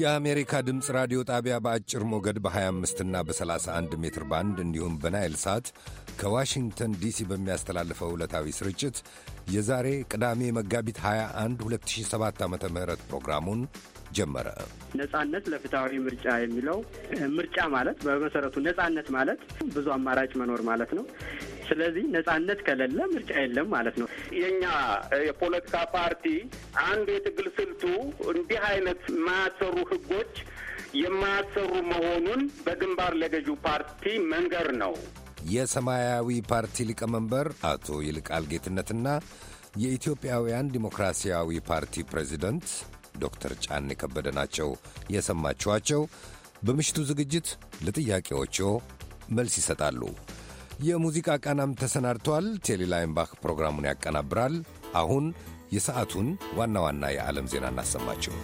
የአሜሪካ ድምፅ ራዲዮ ጣቢያ በአጭር ሞገድ በ25 እና በ31 ሜትር ባንድ እንዲሁም በናይል ሳት ከዋሽንግተን ዲሲ በሚያስተላልፈው ዕለታዊ ስርጭት የዛሬ ቅዳሜ መጋቢት 21 2007 ዓ ም ፕሮግራሙን ጀመረ። ነጻነት ለፍትሐዊ ምርጫ የሚለው ምርጫ ማለት በመሰረቱ ነጻነት ማለት ብዙ አማራጭ መኖር ማለት ነው። ስለዚህ ነጻነት ከሌለ ምርጫ የለም ማለት ነው። የኛ የፖለቲካ ፓርቲ አንዱ የትግል ስልቱ እንዲህ አይነት የማያሰሩ ህጎች የማያሰሩ መሆኑን በግንባር ለገዢ ፓርቲ መንገር ነው። የሰማያዊ ፓርቲ ሊቀመንበር አቶ ይልቃል ጌትነትና የኢትዮጵያውያን ዲሞክራሲያዊ ፓርቲ ፕሬዚደንት ዶክተር ጫኔ ከበደ ናቸው የሰማችኋቸው። በምሽቱ ዝግጅት ለጥያቄዎቹ መልስ ይሰጣሉ። የሙዚቃ ቃናም ተሰናድቷል። ቴሌላይምባክ ፕሮግራሙን ያቀናብራል። አሁን የሰዓቱን ዋና ዋና የዓለም ዜና እናሰማችሁ።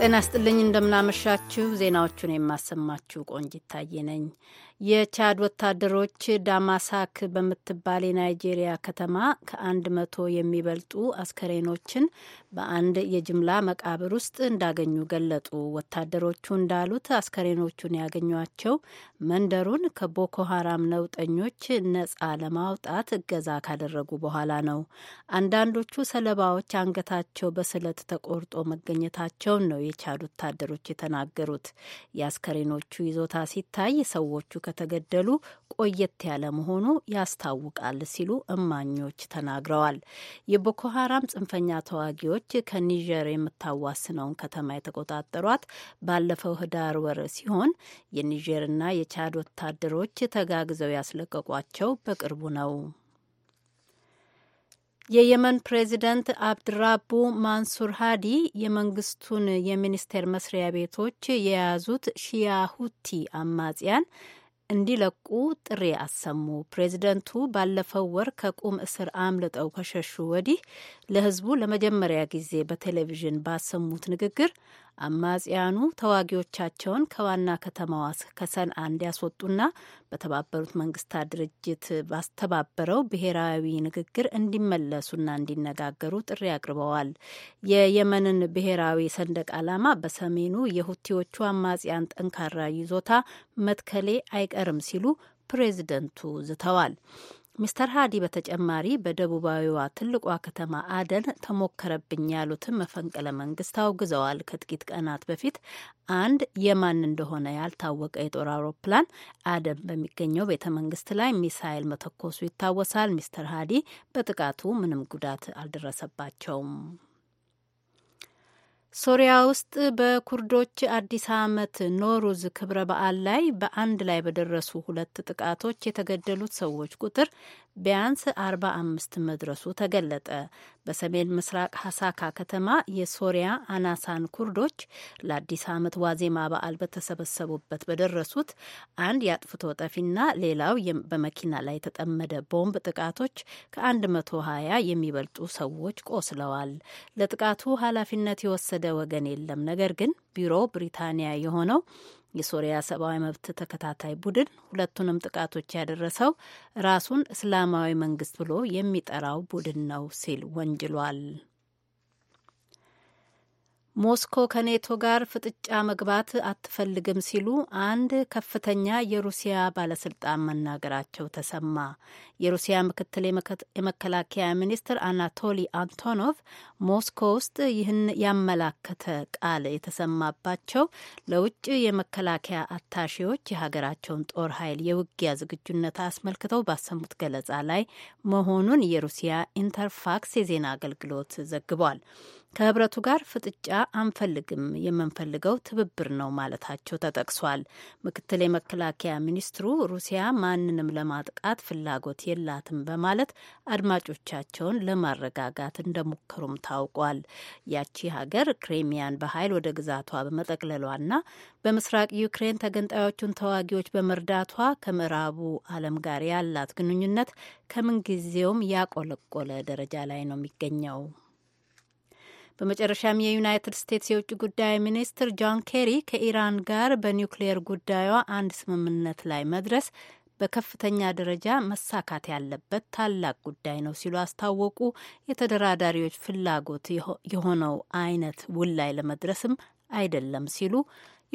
ጤና ስጥልኝ እንደምናመሻችሁ። ዜናዎቹን የማሰማችሁ ቆንጅ ታየ ነኝ። የቻድ ወታደሮች ዳማሳክ በምትባል የናይጄሪያ ከተማ ከአንድ መቶ የሚበልጡ አስከሬኖችን በአንድ የጅምላ መቃብር ውስጥ እንዳገኙ ገለጡ። ወታደሮቹ እንዳሉት አስከሬኖቹን ያገኟቸው መንደሩን ከቦኮ ሀራም ነውጠኞች ነጻ ለማውጣት እገዛ ካደረጉ በኋላ ነው። አንዳንዶቹ ሰለባዎች አንገታቸው በስለት ተቆርጦ መገኘታቸውን ነው የቻድ ወታደሮች የተናገሩት። የአስከሬኖቹ ይዞታ ሲታይ ሰዎቹ ከተገደሉ ቆየት ያለ መሆኑ ያስታውቃል ሲሉ እማኞች ተናግረዋል። የቦኮ ሀራም ጽንፈኛ ተዋጊዎች ከኒጀር የምታዋስነውን ከተማ የተቆጣጠሯት ባለፈው ህዳር ወር ሲሆን የኒጀርና የቻድ ወታደሮች ተጋግዘው ያስለቀቋቸው በቅርቡ ነው። የየመን ፕሬዚደንት አብድራቡ ማንሱር ሀዲ የመንግስቱን የሚኒስቴር መስሪያ ቤቶች የያዙት ሺያ ሁቲ አማጽያን እንዲለቁ ጥሪ አሰሙ። ፕሬዚደንቱ ባለፈው ወር ከቁም እስር አምልጠው ከሸሹ ወዲህ ለሕዝቡ ለመጀመሪያ ጊዜ በቴሌቪዥን ባሰሙት ንግግር አማጽያኑ ተዋጊዎቻቸውን ከዋና ከተማዋ ከሰንዓ እንዲያስወጡና በተባበሩት መንግስታት ድርጅት ባስተባበረው ብሔራዊ ንግግር እንዲመለሱና እንዲነጋገሩ ጥሪ አቅርበዋል። የየመንን ብሔራዊ ሰንደቅ ዓላማ በሰሜኑ የሁቲዎቹ አማጽያን ጠንካራ ይዞታ መትከሌ አይቀርም ሲሉ ፕሬዚደንቱ ዝተዋል። ሚስተር ሃዲ በተጨማሪ በደቡባዊዋ ትልቋ ከተማ አደን ተሞከረብኝ ያሉትን መፈንቅለ መንግስት አውግዘዋል። ከጥቂት ቀናት በፊት አንድ የማን እንደሆነ ያልታወቀ የጦር አውሮፕላን አደን በሚገኘው ቤተ መንግስት ላይ ሚሳይል መተኮሱ ይታወሳል። ሚስተር ሃዲ በጥቃቱ ምንም ጉዳት አልደረሰባቸውም። ሶሪያ ውስጥ በኩርዶች አዲስ ዓመት ኖሩዝ ክብረ በዓል ላይ በአንድ ላይ በደረሱ ሁለት ጥቃቶች የተገደሉት ሰዎች ቁጥር ቢያንስ አርባ አምስት መድረሱ ተገለጠ። በሰሜን ምስራቅ ሀሳካ ከተማ የሶሪያ አናሳን ኩርዶች ለአዲስ ዓመት ዋዜማ በዓል በተሰበሰቡበት በደረሱት አንድ የአጥፍቶ ጠፊና ሌላው በመኪና ላይ የተጠመደ ቦምብ ጥቃቶች ከ120 የሚበልጡ ሰዎች ቆስለዋል። ለጥቃቱ ኃላፊነት የወሰደ ወገን የለም። ነገር ግን ቢሮ ብሪታንያ የሆነው የሶሪያ ሰብአዊ መብት ተከታታይ ቡድን ሁለቱንም ጥቃቶች ያደረሰው ራሱን እስላማዊ መንግስት ብሎ የሚጠራው ቡድን ነው ሲል ወንጅሏል። ሞስኮ ከኔቶ ጋር ፍጥጫ መግባት አትፈልግም ሲሉ አንድ ከፍተኛ የሩሲያ ባለስልጣን መናገራቸው ተሰማ። የሩሲያ ምክትል የመከላከያ ሚኒስትር አናቶሊ አንቶኖቭ ሞስኮ ውስጥ ይህን ያመላከተ ቃል የተሰማባቸው ለውጭ የመከላከያ አታሺዎች የሀገራቸውን ጦር ኃይል የውጊያ ዝግጁነት አስመልክተው ባሰሙት ገለጻ ላይ መሆኑን የሩሲያ ኢንተርፋክስ የዜና አገልግሎት ዘግቧል። ከህብረቱ ጋር ፍጥጫ አንፈልግም፣ የምንፈልገው ትብብር ነው ማለታቸው ተጠቅሷል። ምክትል የመከላከያ ሚኒስትሩ ሩሲያ ማንንም ለማጥቃት ፍላጎት የላትም በማለት አድማጮቻቸውን ለማረጋጋት እንደሞከሩም ታውቋል። ያቺ ሀገር ክሬሚያን በኃይል ወደ ግዛቷ በመጠቅለሏና በምስራቅ ዩክሬን ተገንጣዮቹን ተዋጊዎች በመርዳቷ ከምዕራቡ ዓለም ጋር ያላት ግንኙነት ከምንጊዜውም ያቆለቆለ ደረጃ ላይ ነው የሚገኘው። በመጨረሻም የዩናይትድ ስቴትስ የውጭ ጉዳይ ሚኒስትር ጆን ኬሪ ከኢራን ጋር በኒውክሌየር ጉዳዩ አንድ ስምምነት ላይ መድረስ በከፍተኛ ደረጃ መሳካት ያለበት ታላቅ ጉዳይ ነው ሲሉ አስታወቁ። የተደራዳሪዎች ፍላጎት የሆነው አይነት ውል ላይ ለመድረስም አይደለም ሲሉ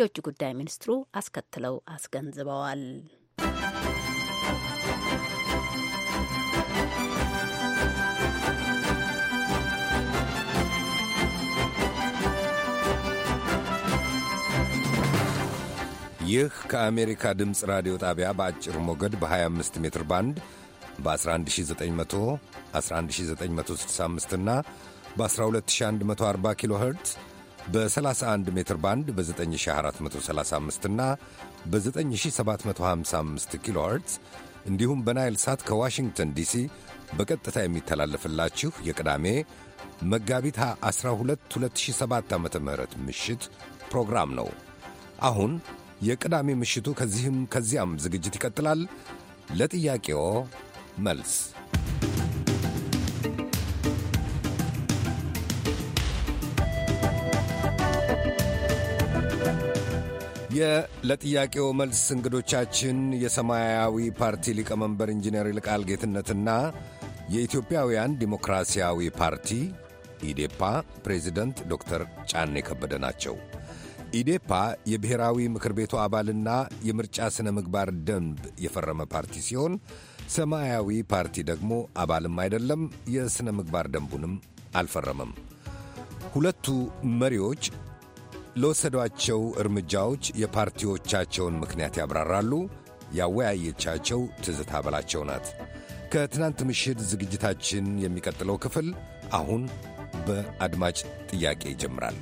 የውጭ ጉዳይ ሚኒስትሩ አስከትለው አስገንዝበዋል። ይህ ከአሜሪካ ድምፅ ራዲዮ ጣቢያ በአጭር ሞገድ በ25 ሜትር ባንድ በ11911965 እና በ12140 ኪሎ ኸርትዝ በ31 ሜትር ባንድ በ9435 እና በ9755 ኪሎ ኸርትዝ እንዲሁም በናይል ሳት ከዋሽንግተን ዲሲ በቀጥታ የሚተላለፍላችሁ የቅዳሜ መጋቢት 12 2007 ዓ ም ምሽት ፕሮግራም ነው። አሁን የቅዳሜ ምሽቱ ከዚህም ከዚያም ዝግጅት ይቀጥላል። ለጥያቄዎ መልስ ለጥያቄው መልስ እንግዶቻችን የሰማያዊ ፓርቲ ሊቀመንበር ኢንጂነር ይልቃል ጌትነትና የኢትዮጵያውያን ዲሞክራሲያዊ ፓርቲ ኢዴፓ ፕሬዚደንት ዶክተር ጫኔ ከበደ ናቸው። ኢዴፓ የብሔራዊ ምክር ቤቱ አባልና የምርጫ ሥነ ምግባር ደንብ የፈረመ ፓርቲ ሲሆን ሰማያዊ ፓርቲ ደግሞ አባልም አይደለም፣ የሥነ ምግባር ደንቡንም አልፈረመም። ሁለቱ መሪዎች ለወሰዷቸው እርምጃዎች የፓርቲዎቻቸውን ምክንያት ያብራራሉ። ያወያየቻቸው ትዝታ በላቸው ናት። ከትናንት ምሽት ዝግጅታችን የሚቀጥለው ክፍል አሁን በአድማጭ ጥያቄ ይጀምራል።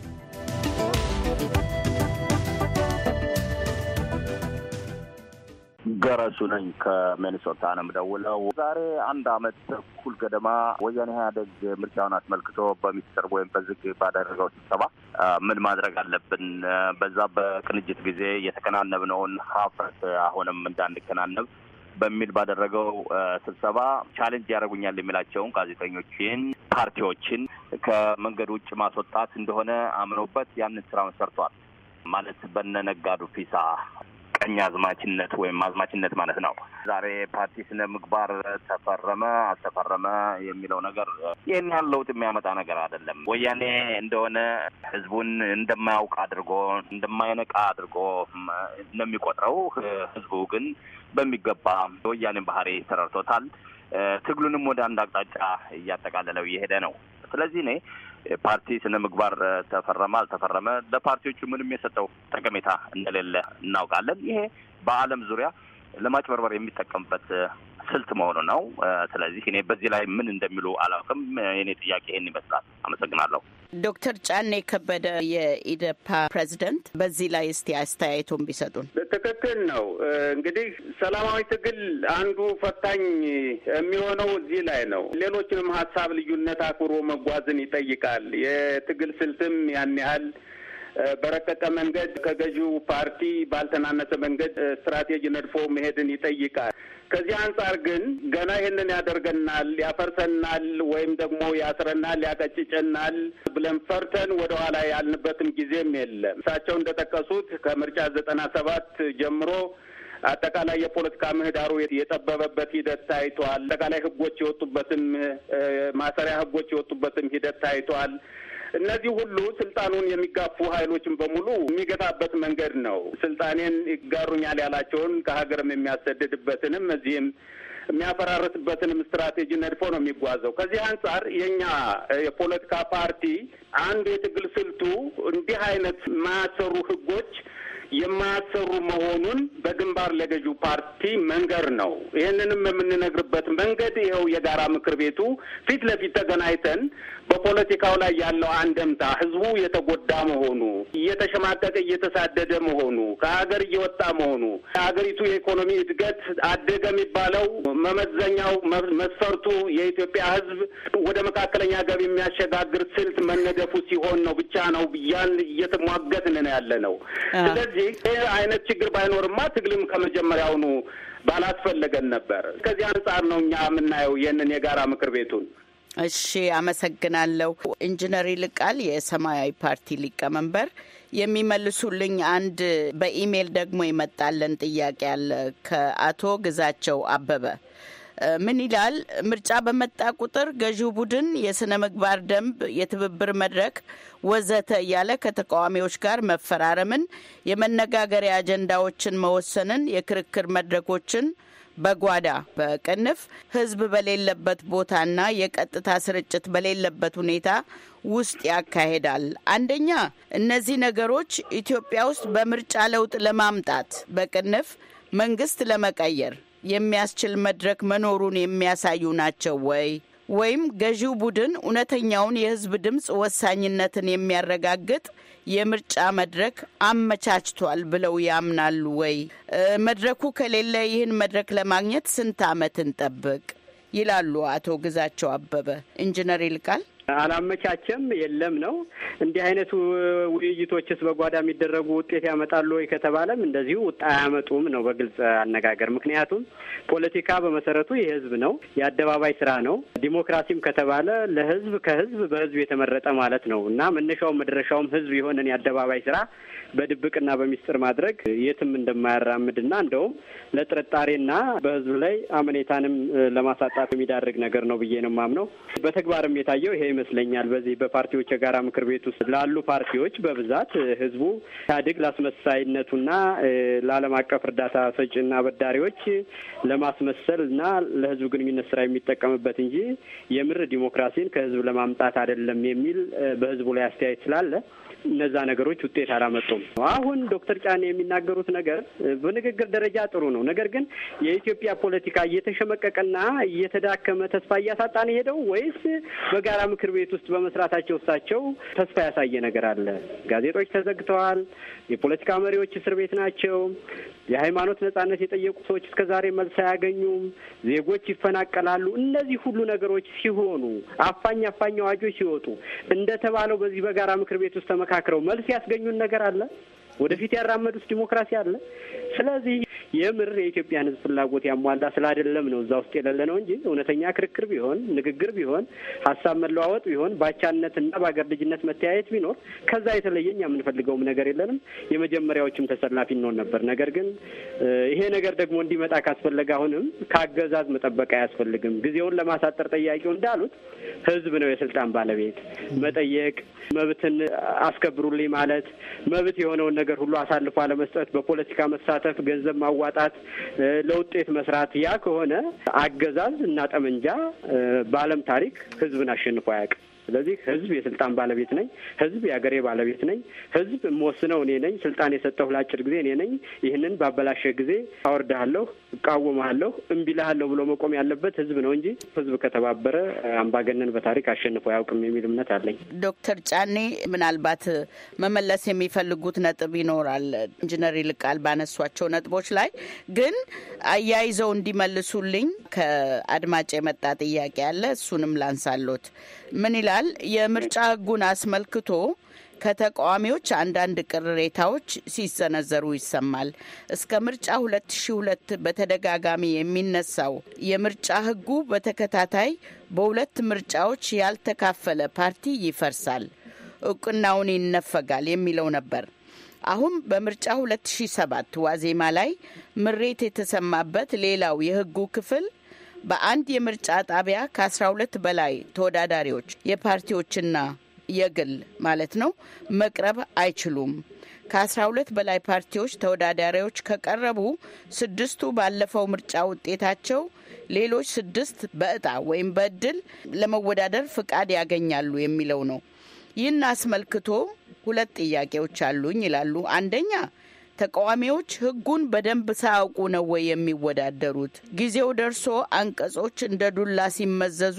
ገረሱ ነኝ ከሚኒሶታ ነው የምደውለው። ዛሬ አንድ አመት ተኩል ገደማ ወያኔ ኢህአዴግ ምርጫውን አስመልክቶ በሚስጥር ወይም በዝግ ባደረገው ስብሰባ ምን ማድረግ አለብን፣ በዛ በቅንጅት ጊዜ የተከናነብነውን ሀፍረት አሁንም እንዳንከናነብ በሚል ባደረገው ስብሰባ ቻሌንጅ ያደርጉኛል የሚላቸውን ጋዜጠኞችን፣ ፓርቲዎችን ከመንገድ ውጭ ማስወጣት እንደሆነ አምኖበት ያንን ስራውን ሰርቷል። ማለት በነነጋዱ ፊሳ ቀኝ አዝማችነት ወይም አዝማችነት ማለት ነው። ዛሬ ፓርቲ ስነ ምግባር ተፈረመ አልተፈረመ የሚለው ነገር ይህን ያህል ለውጥ የሚያመጣ ነገር አይደለም። ወያኔ እንደሆነ ህዝቡን እንደማያውቅ አድርጎ እንደማይነቃ አድርጎ ነው የሚቆጥረው። ህዝቡ ግን በሚገባ የወያኔን ባህሪ ተረድቶታል። ትግሉንም ወደ አንድ አቅጣጫ እያጠቃለለው እየሄደ ነው። ስለዚህ እኔ ፓርቲ ስነ ምግባር ተፈረመ አልተፈረመ ለፓርቲዎቹ ምንም የሰጠው ጠቀሜታ እንደሌለ እናውቃለን። ይሄ በዓለም ዙሪያ ለማጭበርበር የሚጠቀምበት ስልት መሆኑ ነው። ስለዚህ እኔ በዚህ ላይ ምን እንደሚሉ አላውቅም። የኔ ጥያቄ ይህን ይመስላል። አመሰግናለሁ። ዶክተር ጫኔ ከበደ የኢደፓ ፕሬዚደንት፣ በዚህ ላይ እስቲ አስተያየቱን ቢሰጡን። ትክክል ነው። እንግዲህ ሰላማዊ ትግል አንዱ ፈታኝ የሚሆነው እዚህ ላይ ነው። ሌሎችንም ሀሳብ ልዩነት አክብሮ መጓዝን ይጠይቃል። የትግል ስልትም ያን ያህል በረቀቀ መንገድ ከገዢው ፓርቲ ባልተናነሰ መንገድ ስትራቴጂ ነድፎ መሄድን ይጠይቃል። ከዚህ አንጻር ግን ገና ይህንን ያደርገናል፣ ያፈርሰናል፣ ወይም ደግሞ ያስረናል፣ ያቀጭጨናል ብለን ፈርተን ወደኋላ ያልንበትም ጊዜም የለም። እሳቸው እንደጠቀሱት ከምርጫ ዘጠና ሰባት ጀምሮ አጠቃላይ የፖለቲካ ምህዳሩ የጠበበበት ሂደት ታይቷል። አጠቃላይ ህጎች የወጡበትም ማሰሪያ ህጎች የወጡበትም ሂደት ታይቷል። እነዚህ ሁሉ ስልጣኑን የሚጋፉ ኃይሎችን በሙሉ የሚገታበት መንገድ ነው። ስልጣኔን ይጋሩኛል ያላቸውን ከሀገርም የሚያሰድድበትንም እዚህም የሚያፈራርስበትንም ስትራቴጂ ነድፎ ነው የሚጓዘው። ከዚህ አንጻር የእኛ የፖለቲካ ፓርቲ አንዱ የትግል ስልቱ እንዲህ አይነት ማያሰሩ ህጎች የማያሰሩ መሆኑን በግንባር ለገዢ ፓርቲ መንገር ነው። ይህንንም የምንነግርበት መንገድ ይኸው የጋራ ምክር ቤቱ ፊት ለፊት ተገናኝተን በፖለቲካው ላይ ያለው አንደምታ ህዝቡ የተጎዳ መሆኑ፣ እየተሸማቀቀ እየተሳደደ መሆኑ፣ ከሀገር እየወጣ መሆኑ፣ ሀገሪቱ የኢኮኖሚ እድገት አደገ የሚባለው መመዘኛው መስፈርቱ የኢትዮጵያ ህዝብ ወደ መካከለኛ ገቢ የሚያሸጋግር ስልት መነደፉ ሲሆን ነው ብቻ ነው ብያን እየተሟገትን ነው ያለ ነው። ስለዚህ ስለዚህ ይህ አይነት ችግር ባይኖርማ ትግልም ከመጀመሪያውኑ ባላስፈለገን ነበር። ከዚህ አንጻር ነው እኛ የምናየው ይህንን የጋራ ምክር ቤቱን። እሺ፣ አመሰግናለሁ። ኢንጂነር ይልቃል የሰማያዊ ፓርቲ ሊቀመንበር የሚመልሱልኝ አንድ በኢሜል ደግሞ ይመጣለን ጥያቄ አለ ከአቶ ግዛቸው አበበ ምን ይላል? ምርጫ በመጣ ቁጥር ገዢው ቡድን የስነ ምግባር ደንብ፣ የትብብር መድረክ ወዘተ እያለ ከተቃዋሚዎች ጋር መፈራረምን፣ የመነጋገሪያ አጀንዳዎችን መወሰንን፣ የክርክር መድረኮችን በጓዳ በቅንፍ ህዝብ በሌለበት ቦታና የቀጥታ ስርጭት በሌለበት ሁኔታ ውስጥ ያካሄዳል። አንደኛ እነዚህ ነገሮች ኢትዮጵያ ውስጥ በምርጫ ለውጥ ለማምጣት በቅንፍ መንግስት ለመቀየር የሚያስችል መድረክ መኖሩን የሚያሳዩ ናቸው ወይ? ወይም ገዢው ቡድን እውነተኛውን የህዝብ ድምፅ ወሳኝነትን የሚያረጋግጥ የምርጫ መድረክ አመቻችቷል ብለው ያምናሉ ወይ? መድረኩ ከሌለ ይህን መድረክ ለማግኘት ስንት ዓመት እንጠብቅ? ይላሉ አቶ ግዛቸው አበበ። ኢንጂነር ይልቃል አላመቻቸም የለም ነው። እንዲህ አይነቱ ውይይቶችስ በጓዳ የሚደረጉ ውጤት ያመጣሉ ወይ ከተባለም እንደዚሁ ውጣ አያመጡም ነው በግልጽ አነጋገር። ምክንያቱም ፖለቲካ በመሰረቱ የህዝብ ነው፣ የአደባባይ ስራ ነው። ዲሞክራሲም ከተባለ ለህዝብ ከህዝብ በህዝብ የተመረጠ ማለት ነው እና መነሻውም መድረሻውም ህዝብ የሆነን የአደባባይ ስራ በድብቅና በሚስጥር ማድረግ የትም እንደማያራምድና እንደውም ለጥርጣሬና በህዝብ ላይ አመኔታንም ለማሳጣት የሚዳርግ ነገር ነው ብዬ ነው የማምነው። በተግባርም የታየው ይሄ ይመስለኛል። በዚህ በፓርቲዎች የጋራ ምክር ቤት ውስጥ ላሉ ፓርቲዎች በብዛት ህዝቡ ኢህአዴግ ላስመሳይነቱና ለዓለም አቀፍ እርዳታ ሰጪና በዳሪዎች ለማስመሰል እና ለህዝብ ግንኙነት ስራ የሚጠቀምበት እንጂ የምር ዲሞክራሲን ከህዝብ ለማምጣት አይደለም የሚል በህዝቡ ላይ አስተያየት ስላለ እነዛ ነገሮች ውጤት አላመጡም። አሁን ዶክተር ጫኔ የሚናገሩት ነገር በንግግር ደረጃ ጥሩ ነው። ነገር ግን የኢትዮጵያ ፖለቲካ እየተሸመቀቀና እየተዳከመ ተስፋ እያሳጣን ሄደው ወይስ በጋራ ምክር ምክር ቤት ውስጥ በመስራታቸው እሳቸው ተስፋ ያሳየ ነገር አለ። ጋዜጦች ተዘግተዋል። የፖለቲካ መሪዎች እስር ቤት ናቸው። የሃይማኖት ነጻነት የጠየቁ ሰዎች እስከ ዛሬ መልስ አያገኙም። ዜጎች ይፈናቀላሉ። እነዚህ ሁሉ ነገሮች ሲሆኑ አፋኝ አፋኝ አዋጆች ሲወጡ እንደተባለው በዚህ በጋራ ምክር ቤት ውስጥ ተመካክረው መልስ ያስገኙን ነገር አለ። ወደፊት ያራመዱት ዲሞክራሲ አለ። ስለዚህ የምር የኢትዮጵያን ህዝብ ፍላጎት ያሟላ ስላይደለም ነው እዛ ውስጥ የሌለ ነው እንጂ እውነተኛ ክርክር ቢሆን ንግግር ቢሆን ሀሳብ መለዋወጥ ቢሆን ባቻነትና በአገር ልጅነት መተያየት ቢኖር ከዛ የተለየ እኛ የምንፈልገውም ነገር የለንም። የመጀመሪያዎችም ተሰላፊ እንሆን ነበር። ነገር ግን ይሄ ነገር ደግሞ እንዲመጣ ካስፈለገ አሁንም ከአገዛዝ መጠበቅ አያስፈልግም። ጊዜውን ለማሳጠር ጠያቂው እንዳሉት ህዝብ ነው የስልጣን ባለቤት። መጠየቅ መብትን አስከብሩልኝ ማለት መብት የሆነውን ነገር ሁሉ አሳልፎ አለመስጠት፣ በፖለቲካ መሳተፍ፣ ገንዘብ ማዋ ማዋጣት፣ ለውጤት መስራት። ያ ከሆነ አገዛዝ እና ጠመንጃ በዓለም ታሪክ ህዝብን አሸንፎ አያውቅም። ስለዚህ ህዝብ የስልጣን ባለቤት ነኝ፣ ህዝብ የአገሬ ባለቤት ነኝ፣ ህዝብ የምወስነው እኔ ነኝ፣ ስልጣን የሰጠሁ ለአጭር ጊዜ እኔ ነኝ። ይህንን ባበላሸ ጊዜ አወርድሃለሁ፣ እቃወመሃለሁ፣ እምቢልሃለሁ ብሎ መቆም ያለበት ህዝብ ነው እንጂ ህዝብ ከተባበረ አምባገነን በታሪክ አሸንፎ አያውቅም የሚል እምነት አለኝ። ዶክተር ጫኔ ምናልባት መመለስ የሚፈልጉት ነጥብ ይኖራል ኢንጂነር ይልቃል ባነሷቸው ነጥቦች ላይ ግን አያይዘው እንዲመልሱልኝ ከአድማጭ የመጣ ጥያቄ አለ። እሱንም ላንሳሎት። ምን ይላል? የምርጫ ህጉን አስመልክቶ ከተቃዋሚዎች አንዳንድ ቅሬታዎች ሲሰነዘሩ ይሰማል። እስከ ምርጫ 2002 በተደጋጋሚ የሚነሳው የምርጫ ህጉ በተከታታይ በሁለት ምርጫዎች ያልተካፈለ ፓርቲ ይፈርሳል፣ እውቅናውን ይነፈጋል የሚለው ነበር። አሁን በምርጫ 2007 ዋዜማ ላይ ምሬት የተሰማበት ሌላው የህጉ ክፍል በአንድ የምርጫ ጣቢያ ከ12 በላይ ተወዳዳሪዎች የፓርቲዎችና የግል ማለት ነው መቅረብ አይችሉም። ከ12 በላይ ፓርቲዎች ተወዳዳሪዎች ከቀረቡ ስድስቱ ባለፈው ምርጫ ውጤታቸው፣ ሌሎች ስድስት በእጣ ወይም በእድል ለመወዳደር ፍቃድ ያገኛሉ የሚለው ነው። ይህን አስመልክቶ ሁለት ጥያቄዎች አሉኝ ይላሉ። አንደኛ ተቃዋሚዎች ህጉን በደንብ ሳያውቁ ነው ወይ የሚወዳደሩት? ጊዜው ደርሶ አንቀጾች እንደ ዱላ ሲመዘዙ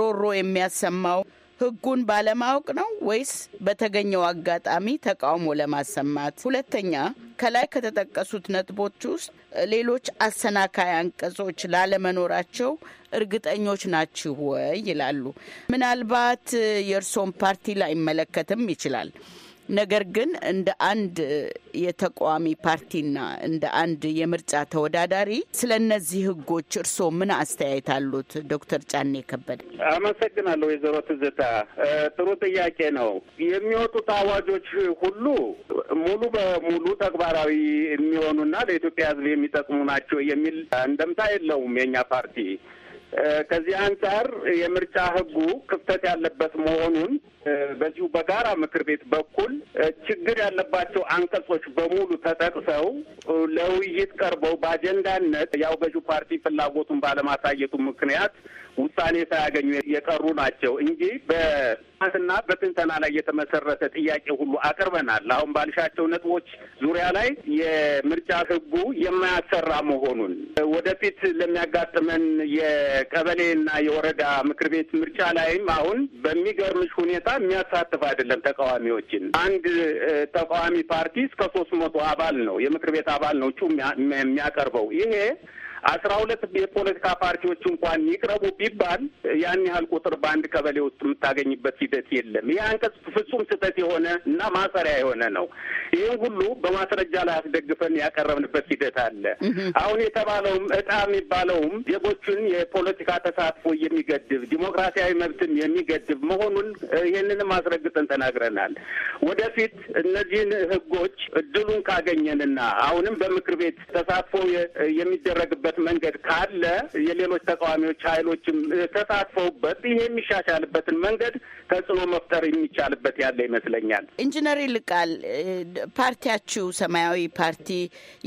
ሮሮ የሚያሰማው ህጉን ባለማወቅ ነው ወይስ በተገኘው አጋጣሚ ተቃውሞ ለማሰማት? ሁለተኛ ከላይ ከተጠቀሱት ነጥቦች ውስጥ ሌሎች አሰናካይ አንቀጾች ላለመኖራቸው እርግጠኞች ናችሁ ወይ ይላሉ። ምናልባት የእርሶን ፓርቲ ላይመለከትም ይችላል። ነገር ግን እንደ አንድ የተቃዋሚ ፓርቲና እንደ አንድ የምርጫ ተወዳዳሪ ስለ እነዚህ ህጎች እርስዎ ምን አስተያየት አሉት? ዶክተር ጫኔ ከበደ። አመሰግናለሁ ወይዘሮ ትዝታ። ጥሩ ጥያቄ ነው። የሚወጡት አዋጆች ሁሉ ሙሉ በሙሉ ተግባራዊ የሚሆኑና ለኢትዮጵያ ህዝብ የሚጠቅሙ ናቸው የሚል እንደምታ የለውም የእኛ ፓርቲ። ከዚህ አንጻር የምርጫ ህጉ ክፍተት ያለበት መሆኑን በዚሁ በጋራ ምክር ቤት በኩል ችግር ያለባቸው አንቀጾች በሙሉ ተጠቅሰው ለውይይት ቀርበው በአጀንዳነት ያው ገዢው ፓርቲ ፍላጎቱን ባለማሳየቱ ምክንያት ውሳኔ ሳያገኙ የቀሩ ናቸው እንጂ በጥናትና በትንተና ላይ የተመሰረተ ጥያቄ ሁሉ አቅርበናል። አሁን ባልሻቸው ነጥቦች ዙሪያ ላይ የምርጫ ሕጉ የማያሰራ መሆኑን ወደፊት ለሚያጋጥመን የቀበሌና የወረዳ ምክር ቤት ምርጫ ላይም አሁን በሚገርምሽ ሁኔታ የሚያሳትፍ አይደለም። ተቃዋሚዎችን አንድ ተቃዋሚ ፓርቲ እስከ ሶስት መቶ አባል ነው የምክር ቤት አባል ነው እጩ የሚያቀርበው ይሄ አስራ ሁለት የፖለቲካ ፓርቲዎች እንኳን ይቅረቡ ቢባል ያን ያህል ቁጥር በአንድ ቀበሌ ውስጥ የምታገኝበት ሂደት የለም። ይህ አንቀጽ ፍጹም ስህተት የሆነ እና ማሰሪያ የሆነ ነው። ይህም ሁሉ በማስረጃ ላይ አስደግፈን ያቀረብንበት ሂደት አለ። አሁን የተባለውም እጣ የሚባለውም ዜጎቹን የፖለቲካ ተሳትፎ የሚገድብ ዲሞክራሲያዊ መብትን የሚገድብ መሆኑን ይህንንም አስረግጠን ተናግረናል። ወደፊት እነዚህን ህጎች እድሉን ካገኘንና አሁንም በምክር ቤት ተሳትፎ የሚደረግበት የሚቻልበት መንገድ ካለ የሌሎች ተቃዋሚዎች ኃይሎችም ተሳትፈውበት ይሄ የሚሻሻልበትን መንገድ ተጽዕኖ መፍጠር የሚቻልበት ያለ ይመስለኛል። ኢንጂነር ይልቃል ፓርቲያችሁ ሰማያዊ ፓርቲ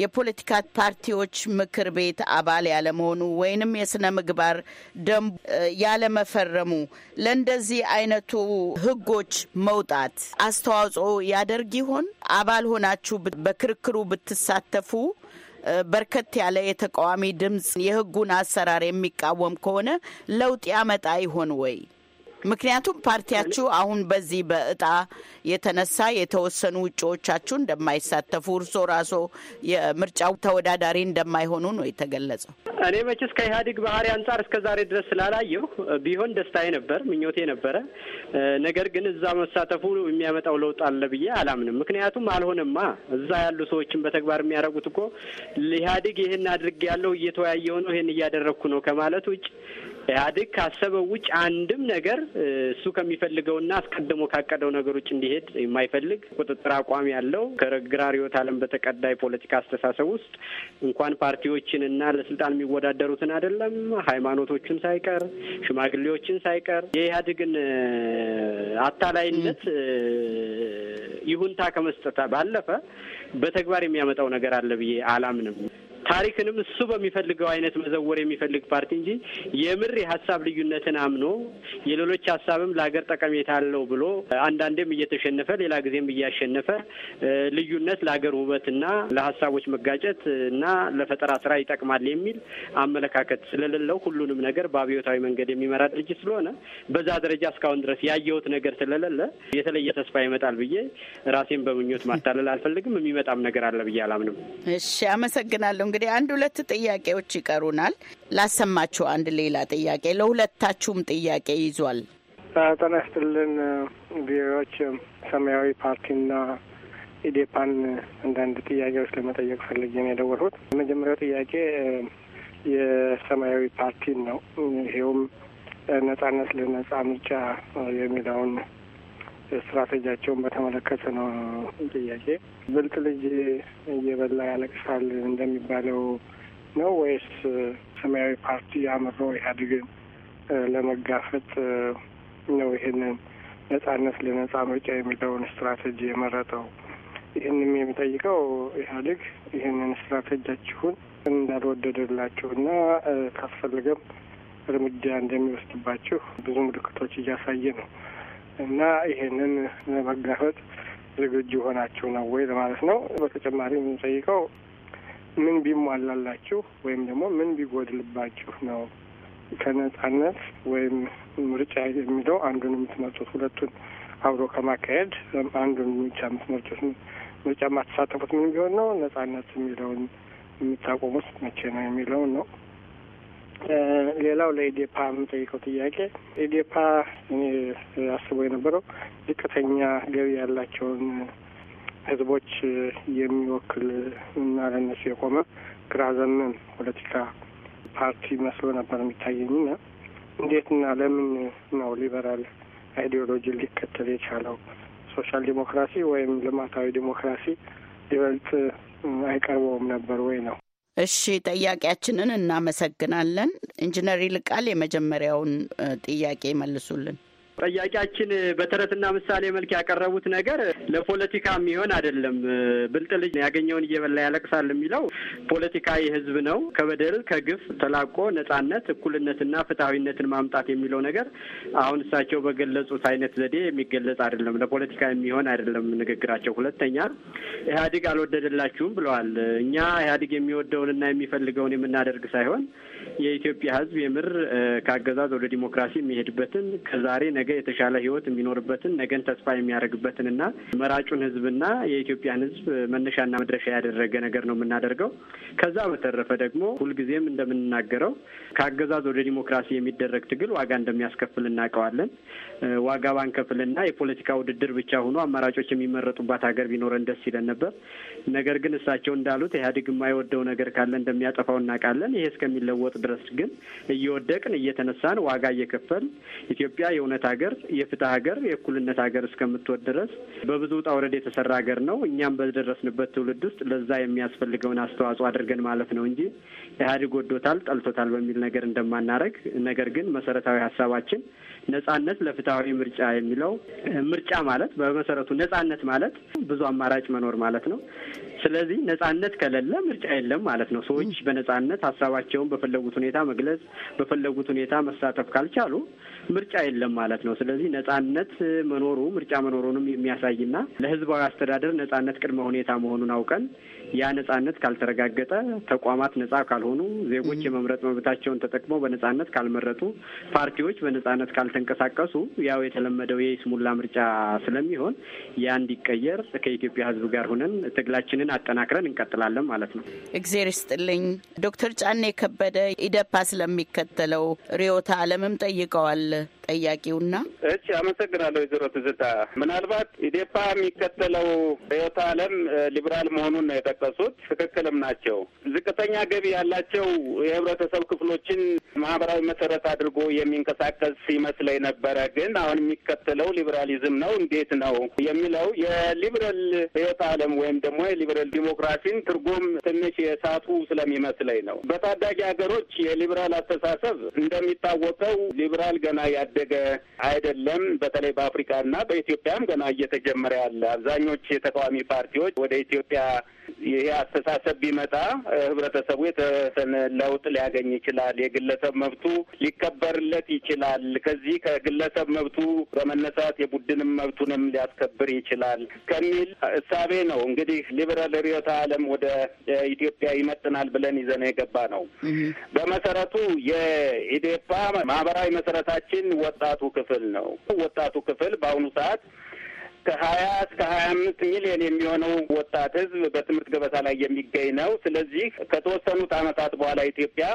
የፖለቲካ ፓርቲዎች ምክር ቤት አባል ያለመሆኑ ወይንም የስነ ምግባር ደንቡ ያለመፈረሙ ለእንደዚህ አይነቱ ህጎች መውጣት አስተዋጽኦ ያደርግ ይሆን? አባል ሆናችሁ በክርክሩ ብትሳተፉ በርከት ያለ የተቃዋሚ ድምፅ የህጉን አሰራር የሚቃወም ከሆነ ለውጥ ያመጣ ይሆን ወይ? ምክንያቱም ፓርቲያችሁ አሁን በዚህ በእጣ የተነሳ የተወሰኑ ውጭዎቻችሁ እንደማይሳተፉ እርሶ ራሶ የምርጫው ተወዳዳሪ እንደማይሆኑ ነው የተገለጸው። እኔ መቼስ ከኢህአዴግ ባህሪ አንጻር እስከ ዛሬ ድረስ ስላላየሁ ቢሆን ደስታዬ ነበር፣ ምኞቴ ነበረ። ነገር ግን እዛ መሳተፉ የሚያመጣው ለውጥ አለ ብዬ አላምንም። ምክንያቱም አልሆነማ እዛ ያሉ ሰዎችን በተግባር የሚያደርጉት እኮ ኢህአዴግ ይህን ያለው እየተወያየው ነው፣ ይህን እያደረግኩ ነው ከማለት ውጭ ኢህአዴግ ካሰበው ውጭ አንድም ነገር እሱ ከሚፈልገውና አስቀድሞ ካቀደው ነገሮች እንዲሄድ የማይፈልግ ቁጥጥር አቋም ያለው ከግራር ሕይወት ዓለም በተቀዳ የፖለቲካ አስተሳሰብ ውስጥ እንኳን ፓርቲዎችንና ለስልጣን የሚወዳደሩትን አይደለም ሃይማኖቶቹን ሳይቀር ሽማግሌዎችን ሳይቀር የኢህአዴግን አታላይነት ይሁንታ ከመስጠት ባለፈ በተግባር የሚያመጣው ነገር አለ ብዬ አላምንም። ታሪክንም እሱ በሚፈልገው አይነት መዘወር የሚፈልግ ፓርቲ እንጂ የምር የሀሳብ ልዩነትን አምኖ የሌሎች ሀሳብም ለሀገር ጠቀሜታ አለው ብሎ አንዳንዴም እየተሸነፈ ሌላ ጊዜም እያሸነፈ ልዩነት ለሀገር ውበትና ለሀሳቦች መጋጨት እና ለፈጠራ ስራ ይጠቅማል የሚል አመለካከት ስለሌለው ሁሉንም ነገር በአብዮታዊ መንገድ የሚመራ ድርጅት ስለሆነ በዛ ደረጃ እስካሁን ድረስ ያየሁት ነገር ስለሌለ የተለየ ተስፋ ይመጣል ብዬ ራሴን በምኞት ማታለል አልፈልግም። የሚመጣም ነገር አለ ብዬ አላምንም። እሺ፣ አመሰግናለሁ። እንግዲህ አንድ ሁለት ጥያቄዎች ይቀሩናል። ላሰማችሁ አንድ ሌላ ጥያቄ ለሁለታችሁም ጥያቄ ይዟል። ጤና ይስጥልን ቪኦኤዎች፣ ሰማያዊ ፓርቲና ኢዴፓን አንዳንድ ጥያቄዎች ለመጠየቅ ፈልጌ ነው የደወልኩት። የመጀመሪያው ጥያቄ የሰማያዊ ፓርቲን ነው። ይሄውም ነጻነት ለነጻ ምርጫ የሚለውን ስትራቴጂያቸውን በተመለከተ ነው ጥያቄ። ብልጥ ልጅ እየበላ ያለቅሳል እንደሚባለው ነው ወይስ ሰማያዊ ፓርቲ አምሮ ኢህአዴግን ለመጋፈጥ ነው ይህንን ነጻነት ለነጻ ምርጫ የሚለውን ስትራቴጂ የመረጠው? ይህንም የሚጠይቀው ኢህአዴግ ይህንን ስትራቴጂያችሁን እና ካስፈልገም እርምጃ እንደሚወስድባችሁ ብዙ ምልክቶች እያሳየ ነው። እና ይሄንን ለመጋፈጥ ዝግጁ ሆናችሁ ነው ወይ ለማለት ነው። በተጨማሪ የምንጠይቀው ምን ቢሟላላችሁ ወይም ደግሞ ምን ቢጎድልባችሁ ነው ከነጻነት ወይም ምርጫ የሚለው አንዱን የምትመርጡት ሁለቱን አብሮ ከማካሄድ አንዱን ምርጫ የምትመርጡት ምርጫ የማትሳተፉት ምን ቢሆን ነው ነጻነት የሚለውን የምታቆሙት መቼ ነው የሚለውን ነው። ሌላው ለኢዴፓ የምጠይቀው ጥያቄ ኢዴፓ አስቦ የነበረው ዝቅተኛ ገቢ ያላቸውን ህዝቦች የሚወክል እና የቆመ ግራ ፖለቲካ ፓርቲ መስሎ ነበር የሚታየኝና እንዴትና ለምን ነው ሊበራል አይዲዮሎጂ ሊከተል የቻለው? ሶሻል ዲሞክራሲ ወይም ልማታዊ ዲሞክራሲ ሊበልጥ አይቀርበውም ነበር ወይ ነው? እሺ ጠያቂያችንን እናመሰግናለን። ኢንጂነር ይልቃል የመጀመሪያውን ጥያቄ መልሱልን። ጠያቂያችን በተረትና ምሳሌ መልክ ያቀረቡት ነገር ለፖለቲካ የሚሆን አይደለም። ብልጥ ልጅ ያገኘውን እየበላ ያለቅሳል የሚለው ፖለቲካዊ ህዝብ ነው። ከበደል ከግፍ ተላቆ ነጻነት፣ እኩልነትና ፍትሐዊነትን ማምጣት የሚለው ነገር አሁን እሳቸው በገለጹት አይነት ዘዴ የሚገለጽ አይደለም። ለፖለቲካ የሚሆን አይደለም ንግግራቸው። ሁለተኛ ኢህአዴግ አልወደደላችሁም ብለዋል። እኛ ኢህአዴግ የሚወደውንና የሚፈልገውን የምናደርግ ሳይሆን የኢትዮጵያ ህዝብ የምር ከአገዛዝ ወደ ዲሞክራሲ የሚሄድበትን ከዛሬ ነገ ነገ የተሻለ ህይወት የሚኖርበትን ነገን ተስፋ የሚያደርግበትንና መራጩን ህዝብና የኢትዮጵያን ህዝብ መነሻና መድረሻ ያደረገ ነገር ነው የምናደርገው። ከዛ በተረፈ ደግሞ ሁልጊዜም እንደምንናገረው ከአገዛዝ ወደ ዲሞክራሲ የሚደረግ ትግል ዋጋ እንደሚያስከፍል እናውቀዋለን። ዋጋ ባንከፍልና የፖለቲካ ውድድር ብቻ ሆኖ አማራጮች የሚመረጡባት ሀገር ቢኖረን ደስ ይለን ነበር። ነገር ግን እሳቸው እንዳሉት ኢህአዴግ የማይወደው ነገር ካለ እንደሚያጠፋው እናውቃለን። ይሄ እስከሚለወጥ ድረስ ግን እየወደቅን እየተነሳን ዋጋ እየከፈል ኢትዮጵያ የእውነት ሀገር፣ የፍትህ ሀገር፣ የእኩልነት ሀገር እስከምትወድ ድረስ በብዙ ውጣ ውረድ የተሰራ ሀገር ነው። እኛም በደረስንበት ትውልድ ውስጥ ለዛ የሚያስፈልገውን አስተዋጽኦ አድርገን ማለት ነው እንጂ ኢህአዴግ ወዶታል፣ ጠልቶታል በሚል ነገር እንደማናረግ ነገር ግን መሰረታዊ ሀሳባችን ነጻነት ለፍትሐዊ ምርጫ የሚለው ምርጫ ማለት በመሰረቱ ነጻነት ማለት ብዙ አማራጭ መኖር ማለት ነው። ስለዚህ ነጻነት ከሌለ ምርጫ የለም ማለት ነው። ሰዎች በነጻነት ሀሳባቸውን በፈለጉት ሁኔታ መግለጽ፣ በፈለጉት ሁኔታ መሳተፍ ካልቻሉ ምርጫ የለም ማለት ነው። ስለዚህ ነጻነት መኖሩ ምርጫ መኖሩንም የሚያሳይና ለህዝባዊ አስተዳደር ነጻነት ቅድመ ሁኔታ መሆኑን አውቀን ያ ነጻነት ካልተረጋገጠ፣ ተቋማት ነጻ ካልሆኑ፣ ዜጎች የመምረጥ መብታቸውን ተጠቅመው በነጻነት ካልመረጡ፣ ፓርቲዎች በነጻነት ካልተንቀሳቀሱ፣ ያው የተለመደው የይስሙላ ምርጫ ስለሚሆን ያ እንዲቀየር ከኢትዮጵያ ሕዝብ ጋር ሆነን ትግላችንን አጠናክረን እንቀጥላለን ማለት ነው። እግዜር ይስጥልኝ። ዶክተር ጫኔ ከበደ ኢደፓ ስለሚከተለው ርዕዮተ ዓለምም ጠይቀዋል። ጠያቂውና እች አመሰግናለሁ ወይዘሮ ትዝታ ምናልባት ኢዴፓ የሚከተለው ርዕዮተ ዓለም ሊብራል መሆኑን ነው የጠቀሱት ትክክልም ናቸው። ዝቅተኛ ገቢ ያላቸው የህብረተሰብ ክፍሎችን ማህበራዊ መሰረት አድርጎ የሚንቀሳቀስ ይመስለኝ ነበረ። ግን አሁን የሚከተለው ሊበራሊዝም ነው እንዴት ነው የሚለው የሊበራል ህይወት አለም ወይም ደግሞ የሊበራል ዲሞክራሲን ትርጉም ትንሽ የሳቱ ስለሚመስለኝ ነው። በታዳጊ ሀገሮች የሊበራል አስተሳሰብ እንደሚታወቀው ሊበራል ገና ያደገ አይደለም። በተለይ በአፍሪካና በኢትዮጵያም ገና እየተጀመረ ያለ አብዛኞች የተቃዋሚ ፓርቲዎች ወደ ኢትዮጵያ ይሄ አስተሳሰብ ቢመጣ ህብረተሰቡ የተወሰነ ለውጥ ሊያገኝ ይችላል የግለ የግለሰብ መብቱ ሊከበርለት ይችላል። ከዚህ ከግለሰብ መብቱ በመነሳት የቡድንም መብቱንም ሊያስከብር ይችላል ከሚል እሳቤ ነው እንግዲህ ሊበራል ርዕዮተ ዓለም ወደ ኢትዮጵያ ይመጥናል ብለን ይዘን የገባ ነው። በመሰረቱ የኢዴፓ ማህበራዊ መሰረታችን ወጣቱ ክፍል ነው። ወጣቱ ክፍል በአሁኑ ሰዓት ከሀያ እስከ ሀያ አምስት ሚሊዮን የሚሆነው ወጣት ህዝብ በትምህርት ገበታ ላይ የሚገኝ ነው። ስለዚህ ከተወሰኑት አመታት በኋላ ኢትዮጵያ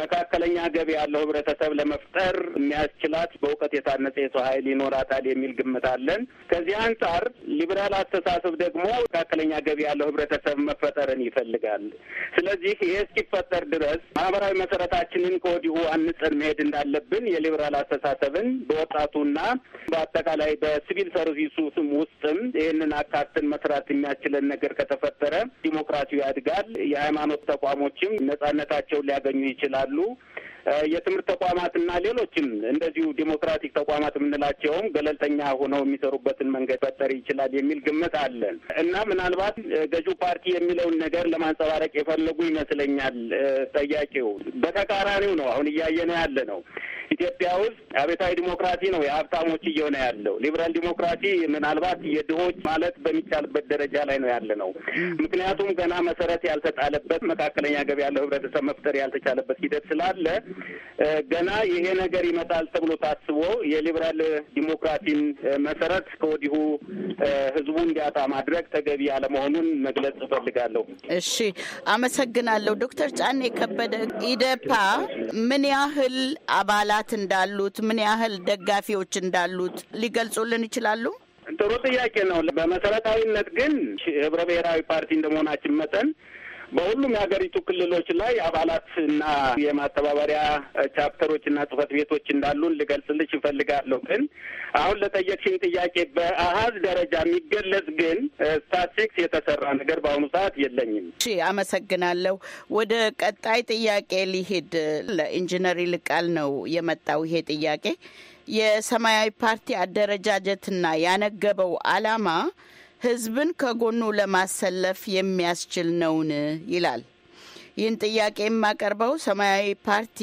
መካከለኛ ገቢ ያለው ህብረተሰብ ለመፍጠር የሚያስችላት በእውቀት የታነጸ የሰው ኃይል ይኖራታል የሚል ግምት አለን። ከዚህ አንጻር ሊበራል አስተሳሰብ ደግሞ መካከለኛ ገቢ ያለው ህብረተሰብ መፈጠርን ይፈልጋል። ስለዚህ ይሄ እስኪፈጠር ድረስ ማህበራዊ መሰረታችንን ከወዲሁ አንጸን መሄድ እንዳለብን የሊበራል አስተሳሰብን በወጣቱና በአጠቃላይ በሲቪል ሰርቪሱ ስም ውስጥም ይህንን አካትን መስራት የሚያስችለን ነገር ከተፈጠረ ዲሞክራሲው ያድጋል፣ የሃይማኖት ተቋሞችም ነጻነታቸውን ሊያገኙ ይችላል ይችላሉ። የትምህርት ተቋማትና ሌሎችም እንደዚሁ ዴሞክራቲክ ተቋማት የምንላቸውም ገለልተኛ ሆነው የሚሰሩበትን መንገድ ፈጠር ይችላል የሚል ግምት አለን እና ምናልባት ገዢው ፓርቲ የሚለውን ነገር ለማንጸባረቅ የፈለጉ ይመስለኛል ጠያቄው በተቃራኒው ነው አሁን እያየነ ያለ ነው። ኢትዮጵያ ውስጥ አቤታዊ ዲሞክራሲ ነው የሀብታሞች እየሆነ ያለው። ሊበራል ዲሞክራሲ ምናልባት የድሆች ማለት በሚቻልበት ደረጃ ላይ ነው ያለ ነው። ምክንያቱም ገና መሰረት ያልተጣለበት መካከለኛ ገቢ ያለው ህብረተሰብ መፍጠር ያልተቻለበት ሂደት ስላለ ገና ይሄ ነገር ይመጣል ተብሎ ታስቦ የሊበራል ዲሞክራሲን መሰረት ከወዲሁ ህዝቡ እንዲያጣ ማድረግ ተገቢ ያለመሆኑን መግለጽ እፈልጋለሁ። እሺ፣ አመሰግናለሁ ዶክተር ጫኔ ከበደ። ኢዴፓ ምን ያህል አባላት አባላት እንዳሉት፣ ምን ያህል ደጋፊዎች እንዳሉት ሊገልጹልን ይችላሉ? ጥሩ ጥያቄ ነው። በመሰረታዊነት ግን ህብረ ብሔራዊ ፓርቲ እንደመሆናችን መጠን በሁሉም የሀገሪቱ ክልሎች ላይ አባላት እና የማስተባበሪያ ቻፕተሮች እና ጽህፈት ቤቶች እንዳሉን ልገልጽልሽ ይፈልጋለሁ። ግን አሁን ለጠየቅሽኝ ጥያቄ በአሀዝ ደረጃ የሚገለጽ ግን ስታቲስቲክስ የተሰራ ነገር በአሁኑ ሰዓት የለኝም። እሺ፣ አመሰግናለሁ። ወደ ቀጣይ ጥያቄ ሊሄድ ለኢንጂነር ይልቃል ነው የመጣው ይሄ ጥያቄ የሰማያዊ ፓርቲ አደረጃጀትና ያነገበው አላማ ህዝብን ከጎኑ ለማሰለፍ የሚያስችል ነውን? ይላል። ይህን ጥያቄ የማቀርበው ሰማያዊ ፓርቲ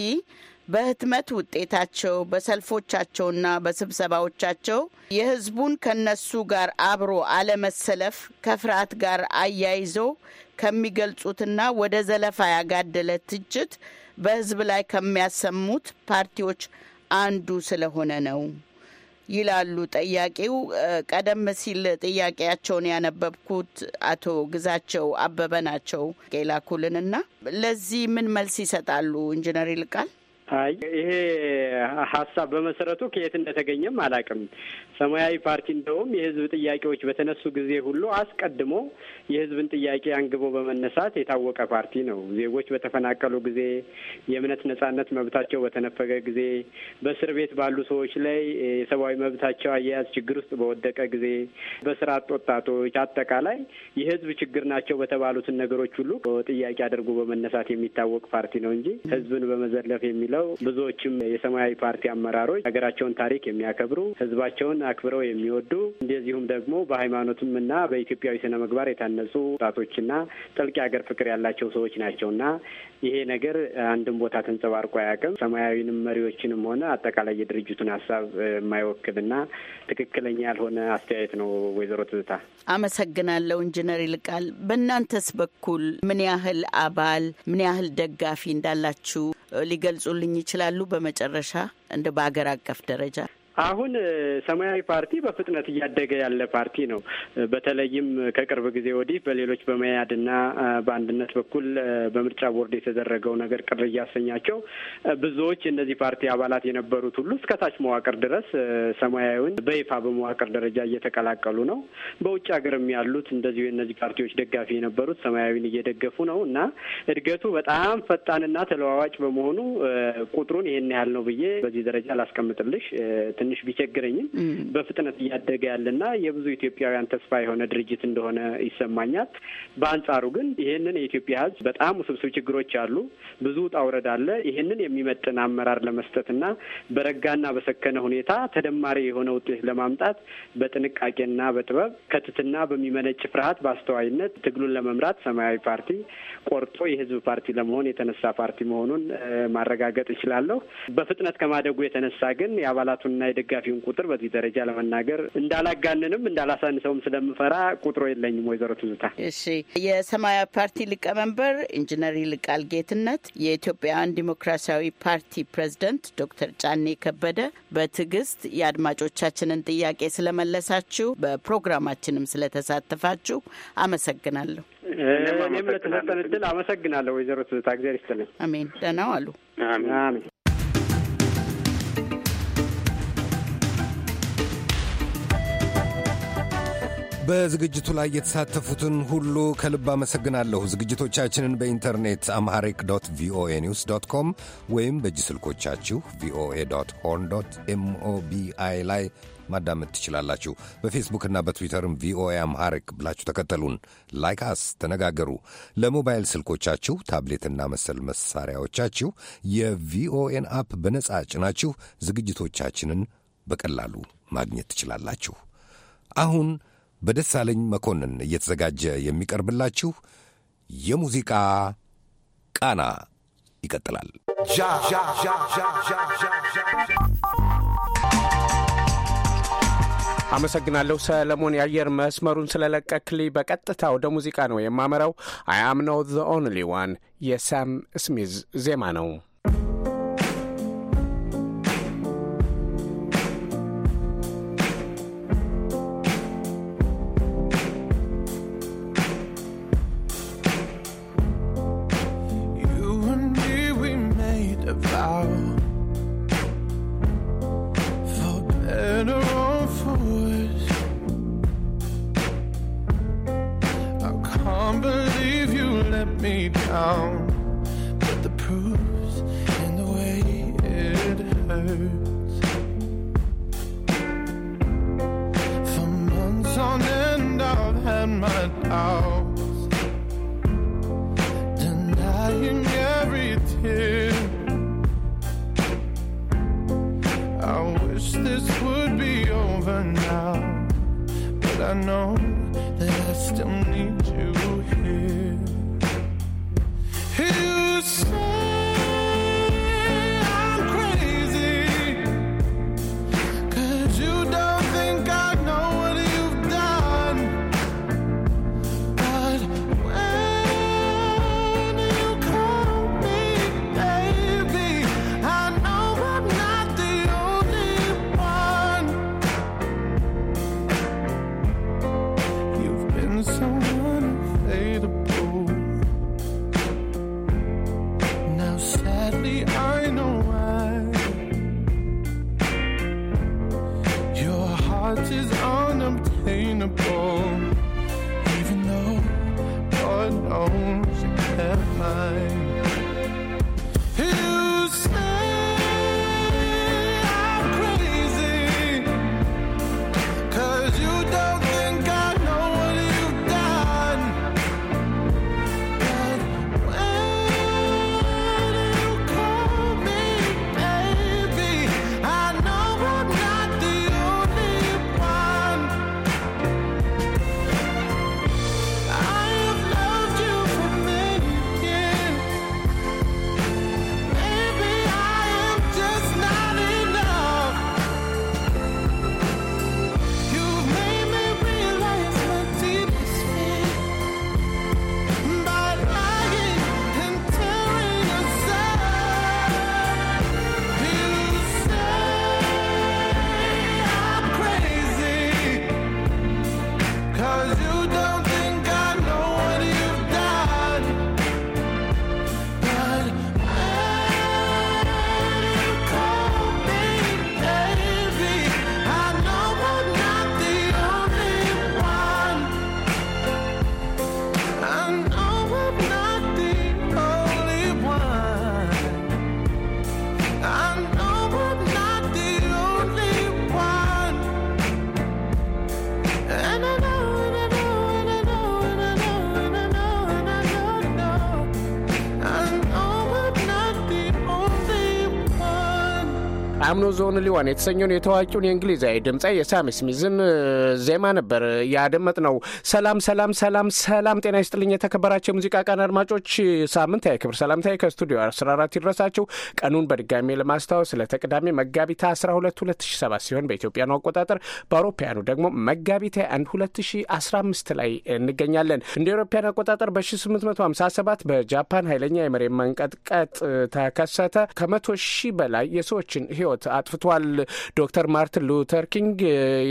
በህትመት ውጤታቸው በሰልፎቻቸውና በስብሰባዎቻቸው የህዝቡን ከነሱ ጋር አብሮ አለመሰለፍ ከፍርሃት ጋር አያይዘው ከሚገልጹትና ወደ ዘለፋ ያጋደለ ትችት በህዝብ ላይ ከሚያሰሙት ፓርቲዎች አንዱ ስለሆነ ነው። ይላሉ ጠያቂው። ቀደም ሲል ጥያቄያቸውን ያነበብኩት አቶ ግዛቸው አበበ ናቸው የላኩልንና ለዚህ ምን መልስ ይሰጣሉ ኢንጂነር ይልቃል? አይ ይሄ ሀሳብ በመሰረቱ ከየት እንደተገኘም አላውቅም። ሰማያዊ ፓርቲ እንደውም የህዝብ ጥያቄዎች በተነሱ ጊዜ ሁሉ አስቀድሞ የህዝብን ጥያቄ አንግቦ በመነሳት የታወቀ ፓርቲ ነው። ዜጎች በተፈናቀሉ ጊዜ፣ የእምነት ነጻነት መብታቸው በተነፈገ ጊዜ፣ በእስር ቤት ባሉ ሰዎች ላይ የሰብአዊ መብታቸው አያያዝ ችግር ውስጥ በወደቀ ጊዜ፣ በስራ አጥ ወጣቶች፣ አጠቃላይ የህዝብ ችግር ናቸው በተባሉትን ነገሮች ሁሉ ጥያቄ አድርጎ በመነሳት የሚታወቅ ፓርቲ ነው እንጂ ህዝብን በመዘለፍ የሚለው ያለው። ብዙዎችም የሰማያዊ ፓርቲ አመራሮች ሀገራቸውን ታሪክ የሚያከብሩ ህዝባቸውን አክብረው የሚወዱ እንደዚሁም ደግሞ በሃይማኖትም እና በኢትዮጵያዊ ስነ ምግባር የታነጹ ወጣቶችና ጥልቅ የሀገር ፍቅር ያላቸው ሰዎች ናቸው እና ይሄ ነገር አንድም ቦታ ተንጸባርቆ አያውቅም። ሰማያዊንም መሪዎችንም ሆነ አጠቃላይ የድርጅቱን ሀሳብ የማይወክልና ትክክለኛ ያልሆነ አስተያየት ነው። ወይዘሮ ትዝታ አመሰግናለሁ። ኢንጂነር ይልቃል በእናንተስ በኩል ምን ያህል አባል ምን ያህል ደጋፊ እንዳላችሁ ሊገልጹልኝ ይችላሉ? በመጨረሻ እንደ በሀገር አቀፍ ደረጃ አሁን ሰማያዊ ፓርቲ በፍጥነት እያደገ ያለ ፓርቲ ነው። በተለይም ከቅርብ ጊዜ ወዲህ በሌሎች በመያድና በአንድነት በኩል በምርጫ ቦርድ የተደረገው ነገር ቅር እያሰኛቸው ብዙዎች የእነዚህ ፓርቲ አባላት የነበሩት ሁሉ እስከታች መዋቅር ድረስ ሰማያዊን በይፋ በመዋቅር ደረጃ እየተቀላቀሉ ነው። በውጭ ሀገርም ያሉት እንደዚሁ የእነዚህ ፓርቲዎች ደጋፊ የነበሩት ሰማያዊን እየደገፉ ነው እና እድገቱ በጣም ፈጣንና ተለዋዋጭ በመሆኑ ቁጥሩን ይህን ያህል ነው ብዬ በዚህ ደረጃ ላስቀምጥልሽ ትንሽ ቢቸግረኝም በፍጥነት እያደገ ያለና የብዙ ኢትዮጵያውያን ተስፋ የሆነ ድርጅት እንደሆነ ይሰማኛል። በአንጻሩ ግን ይህንን የኢትዮጵያ ሕዝብ በጣም ውስብስብ ችግሮች አሉ፣ ብዙ ውጣ ውረድ አለ። ይህንን የሚመጥን አመራር ለመስጠትና በረጋና በሰከነ ሁኔታ ተደማሪ የሆነ ውጤት ለማምጣት በጥንቃቄና በጥበብ ከትትና በሚመነጭ ፍርሃት በአስተዋይነት ትግሉን ለመምራት ሰማያዊ ፓርቲ ቆርጦ የህዝብ ፓርቲ ለመሆን የተነሳ ፓርቲ መሆኑን ማረጋገጥ እችላለሁ። በፍጥነት ከማደጉ የተነሳ ግን የአባላቱንና የደጋፊውን ቁጥር በዚህ ደረጃ ለመናገር እንዳላጋንንም እንዳላሳንሰውም ስለምፈራ ቁጥሮ የለኝም። ወይዘሮ ትዝታ እሺ። የሰማያዊ ፓርቲ ሊቀመንበር ኢንጂነር ይልቃል ጌትነት፣ የኢትዮጵያውያን ዲሞክራሲያዊ ፓርቲ ፕሬዝደንት ዶክተር ጫኔ ከበደ በትዕግስት የአድማጮቻችንን ጥያቄ ስለመለሳችሁ በፕሮግራማችንም ስለተሳተፋችሁ አመሰግናለሁ። እኔም ለተሰጠን እድል አመሰግናለሁ። ወይዘሮ ትዝታ እግዚአብሔር ይስጥልን። አሜን። ደህና ዋሉ። አሜን። በዝግጅቱ ላይ የተሳተፉትን ሁሉ ከልብ አመሰግናለሁ። ዝግጅቶቻችንን በኢንተርኔት አምሃሪክ ዶት ቪኦኤ ኒውስ ዶት ኮም ወይም በእጅ ስልኮቻችሁ ቪኦኤ ዶት ሆርን ዶት ኤምኦቢአይ ላይ ማዳመጥ ትችላላችሁ። በፌስቡክና በትዊተርም ቪኦኤ አምሃሪክ ብላችሁ ተከተሉን፣ ላይክ አስ፣ ተነጋገሩ። ለሞባይል ስልኮቻችሁ ታብሌትና መሰል መሳሪያዎቻችሁ የቪኦኤን አፕ በነጻ ጭናችሁ ዝግጅቶቻችንን በቀላሉ ማግኘት ትችላላችሁ። አሁን በደሳለኝ መኮንን እየተዘጋጀ የሚቀርብላችሁ የሙዚቃ ቃና ይቀጥላል። አመሰግናለሁ ሰለሞን፣ የአየር መስመሩን ስለለቀክልኝ። በቀጥታ ወደ ሙዚቃ ነው የማመራው። አይ አም ኖት ዘ ኦንሊ ዋን የሳም ስሚዝ ዜማ ነው። ዞን ሊዋን የተሰኘውን የታዋቂውን የእንግሊዛዊ ድምፃ የሳም ስሚዝን ዜማ ነበር ያደመጥ ነው። ሰላም ሰላም ሰላም ሰላም፣ ጤና ይስጥልኝ የተከበራቸው የሙዚቃ ቀን አድማጮች፣ ሳምንት የክብር ሰላምታዬ ከስቱዲዮ 14 ይድረሳቸው። ቀኑን በድጋሚ ለማስታወስ ለተቀዳሚ መጋቢት 12 2007 ሲሆን በኢትዮጵያኑ አቆጣጠር በአውሮፓያኑ ደግሞ መጋቢት 1 2015 ላይ እንገኛለን። እንደ አውሮፓውያን አቆጣጠር በ1857 በጃፓን ኃይለኛ የመሬት መንቀጥቀጥ ተከሰተ። ከመቶ ሺህ በላይ የሰዎችን ህይወት አጥፍ አጥፍቷል። ዶክተር ማርቲን ሉተር ኪንግ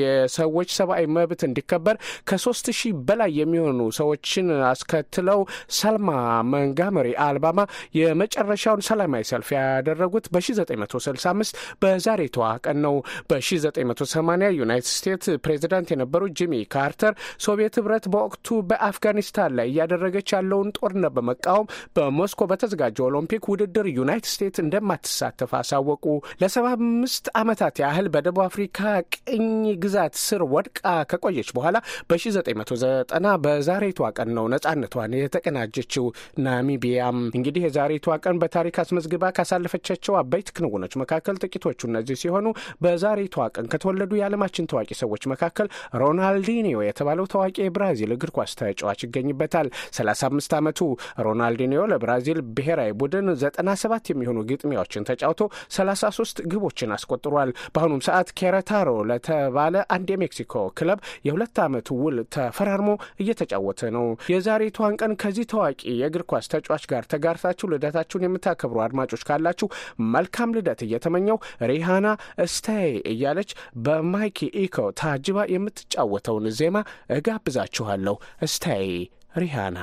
የሰዎች ሰብአዊ መብት እንዲከበር ከሶስት ሺህ በላይ የሚሆኑ ሰዎችን አስከትለው ሰልማ መንጋመሪ አልባማ የመጨረሻውን ሰላማዊ ሰልፍ ያደረጉት በ1965 በዛሬ ተዋቀን ነው። በ1980 ዩናይትድ ስቴትስ ፕሬዚዳንት የነበሩት ጂሚ ካርተር ሶቪየት ህብረት በወቅቱ በአፍጋኒስታን ላይ እያደረገች ያለውን ጦርነት በመቃወም በሞስኮ በተዘጋጀው ኦሎምፒክ ውድድር ዩናይትድ ስቴትስ እንደማትሳተፍ አሳወቁ ለሰባ ለስድስት ዓመታት ያህል በደቡብ አፍሪካ ቅኝ ግዛት ስር ወድቃ ከቆየች በኋላ በ1990 በዛሬቷ ቀን ነው ነጻነቷን የተቀናጀችው። ናሚቢያም እንግዲህ የዛሬቷ ቀን በታሪክ አስመዝግባ ካሳለፈቻቸው አበይት ክንውኖች መካከል ጥቂቶቹ እነዚህ ሲሆኑ በዛሬቷ ቀን ከተወለዱ የዓለማችን ታዋቂ ሰዎች መካከል ሮናልዲኒዮ የተባለው ታዋቂ የብራዚል እግር ኳስ ተጫዋች ይገኝበታል። 35 ዓመቱ ሮናልዲኒዮ ለብራዚል ብሔራዊ ቡድን 97 የሚሆኑ ግጥሚያዎችን ተጫውቶ 33 ግቦችን አስቆጥሯል። በአሁኑም ሰዓት ኬረታሮ ለተባለ አንድ የሜክሲኮ ክለብ የሁለት ዓመት ውል ተፈራርሞ እየተጫወተ ነው። የዛሬቷን ቀን ከዚህ ታዋቂ የእግር ኳስ ተጫዋች ጋር ተጋርታችሁ ልደታችሁን የምታከብሩ አድማጮች ካላችሁ መልካም ልደት እየተመኘው ሪሃና እስታይ እያለች በማይኪ ኢኮ ታጅባ የምትጫወተውን ዜማ እጋብዛችኋለሁ። እስታይ ሪሃና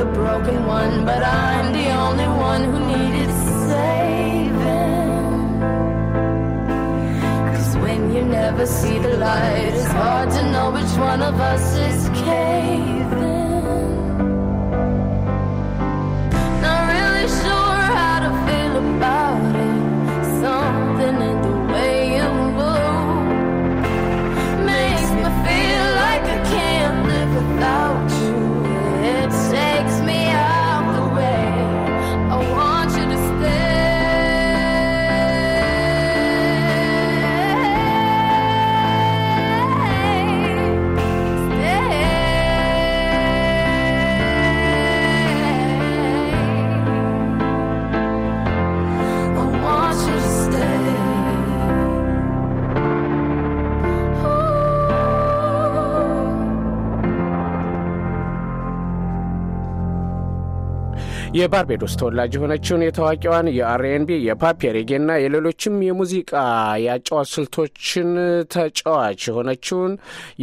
the broken one, but I'm the only one who needed saving. Cause when you never see the light, it's hard to know which one of us is caving. የባርቤዶስ ተወላጅ የሆነችውን የታዋቂዋን የአርኤንቢ የፓፕ የሬጌና የሌሎችም የሙዚቃ የአጫዋች ስልቶችን ተጫዋች የሆነችውን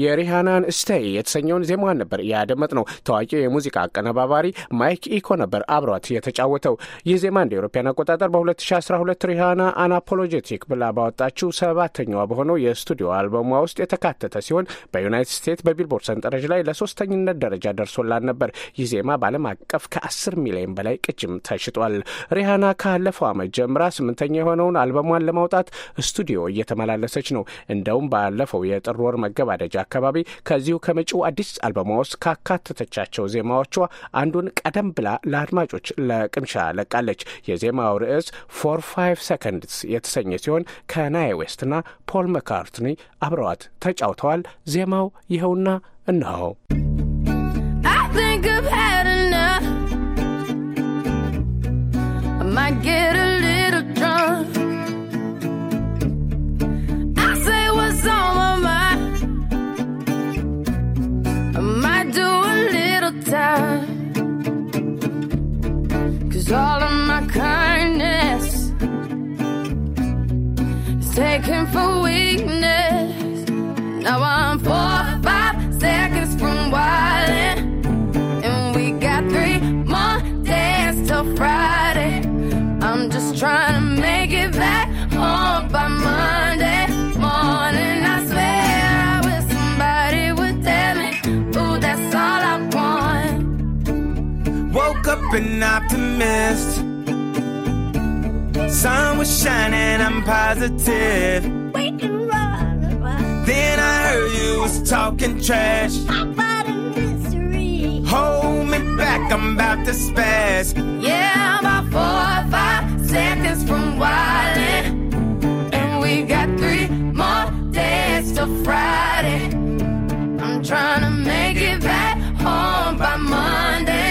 የሪሃናን ስቴይ የተሰኘውን ዜማዋን ነበር ያደመጥ ነው። ታዋቂው የሙዚቃ አቀነባባሪ ማይክ ኢኮ ነበር አብሯት የተጫወተው። ይህ ዜማ እንደ አውሮፓውያን አቆጣጠር በ2012 ሪሃና አናፖሎጀቲክ ብላ ባወጣችው ሰባተኛዋ በሆነው የስቱዲዮ አልበሟ ውስጥ የተካተተ ሲሆን በዩናይትድ ስቴትስ በቢልቦርድ ሰንጠረዥ ላይ ለሶስተኝነት ደረጃ ደርሶላን ነበር። ይህ ዜማ በዓለም አቀፍ ከ10 ሚሊዮን በላይ ላይ ቅጅም ተሽጧል። ሪሃና ካለፈው ዓመት ጀምራ ስምንተኛ የሆነውን አልበሟን ለማውጣት ስቱዲዮ እየተመላለሰች ነው። እንደውም ባለፈው የጥር ወር መገባደጃ አካባቢ ከዚሁ ከመጪው አዲስ አልበሟ ውስጥ ካካተተቻቸው ዜማዎቿ አንዱን ቀደም ብላ ለአድማጮች ለቅምሻ ለቃለች። የዜማው ርዕስ ፎር ፋይቭ ሰከንድስ የተሰኘ ሲሆን ከናይ ዌስትና ፖል መካርትኒ አብረዋት ተጫውተዋል። ዜማው ይኸውና እንኸው I get a little drunk. I say what's on my mind. I might do a little time. Cause all trying to make it back home by Monday morning. I swear I wish somebody would tell me, ooh, that's all I want. Woke up an optimist. Sun was shining, I'm positive. Then I heard you was talking trash. Hold me back, I'm about to spaz. Yeah, I'm about four seconds from wildin', and we got three more days till Friday. I'm trying to make it back home by Monday.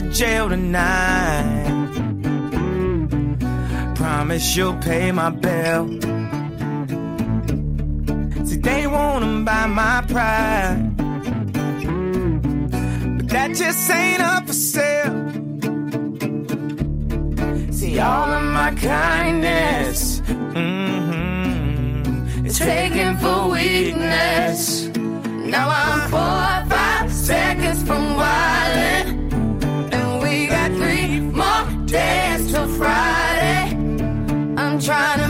to jail tonight. Promise you'll pay my bill. See, they wanna buy my pride. But that just ain't up for sale. See, all of my kindness, mm-hmm, it's taken for weakness. Now I'm four, five, six. to Friday. I'm trying to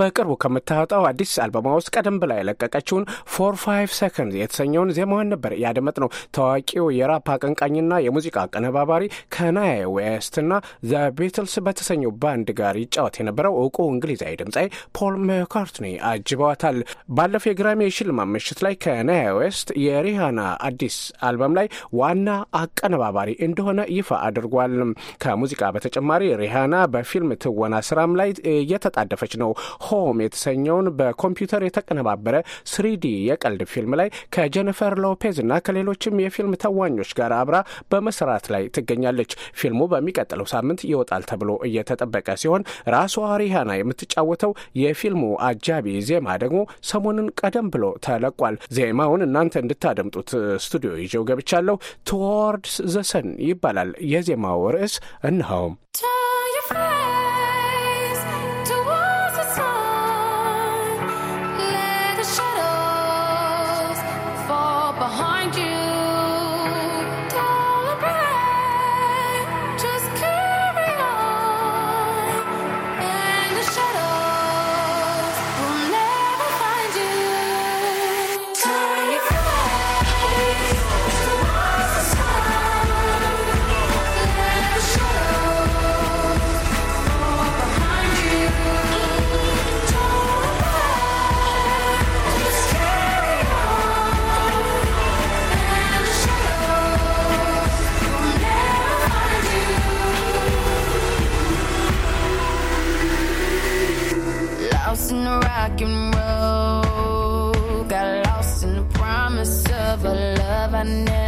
በቅርቡ ከምታወጣው አዲስ አልበማ ውስጥ ቀደም ብላ የለቀቀችውን ፎር ፋይቭ ሰከንድ የተሰኘውን ዜማዋን ነበር ያደመጥ ነው። ታዋቂው የራፕ አቀንቃኝና የሙዚቃ አቀነባባሪ ከናይ ዌስትና ዘ ቤትልስ በተሰኘው ባንድ ጋር ይጫወት የነበረው እውቁ እንግሊዛዊ ድምፃዊ ፖል መካርትኒ አጅበዋታል። ባለፈው የግራሚ የሽልማት ምሽት ላይ ከናይ ዌስት የሪሃና አዲስ አልበም ላይ ዋና አቀነባባሪ እንደሆነ ይፋ አድርጓል። ከሙዚቃ በተጨማሪ ሪሃና በፊልም ትወና ስራም ላይ እየተጣደፈች ነው። ሆም የተሰኘውን በኮምፒውተር የተቀነባበረ ስሪዲ የቀልድ ፊልም ላይ ከጀኒፈር ሎፔዝ እና ከሌሎችም የፊልም ተዋኞች ጋር አብራ በመስራት ላይ ትገኛለች። ፊልሙ በሚቀጥለው ሳምንት ይወጣል ተብሎ እየተጠበቀ ሲሆን ራሷ ሪሃና የምትጫወተው የፊልሙ አጃቢ ዜማ ደግሞ ሰሞኑን ቀደም ብሎ ተለቋል። ዜማውን እናንተ እንድታደምጡት ስቱዲዮ ይዤው ገብቻለሁ። ቱዋርድስ ዘሰን ይባላል የዜማው ርዕስ። እንኸውም I never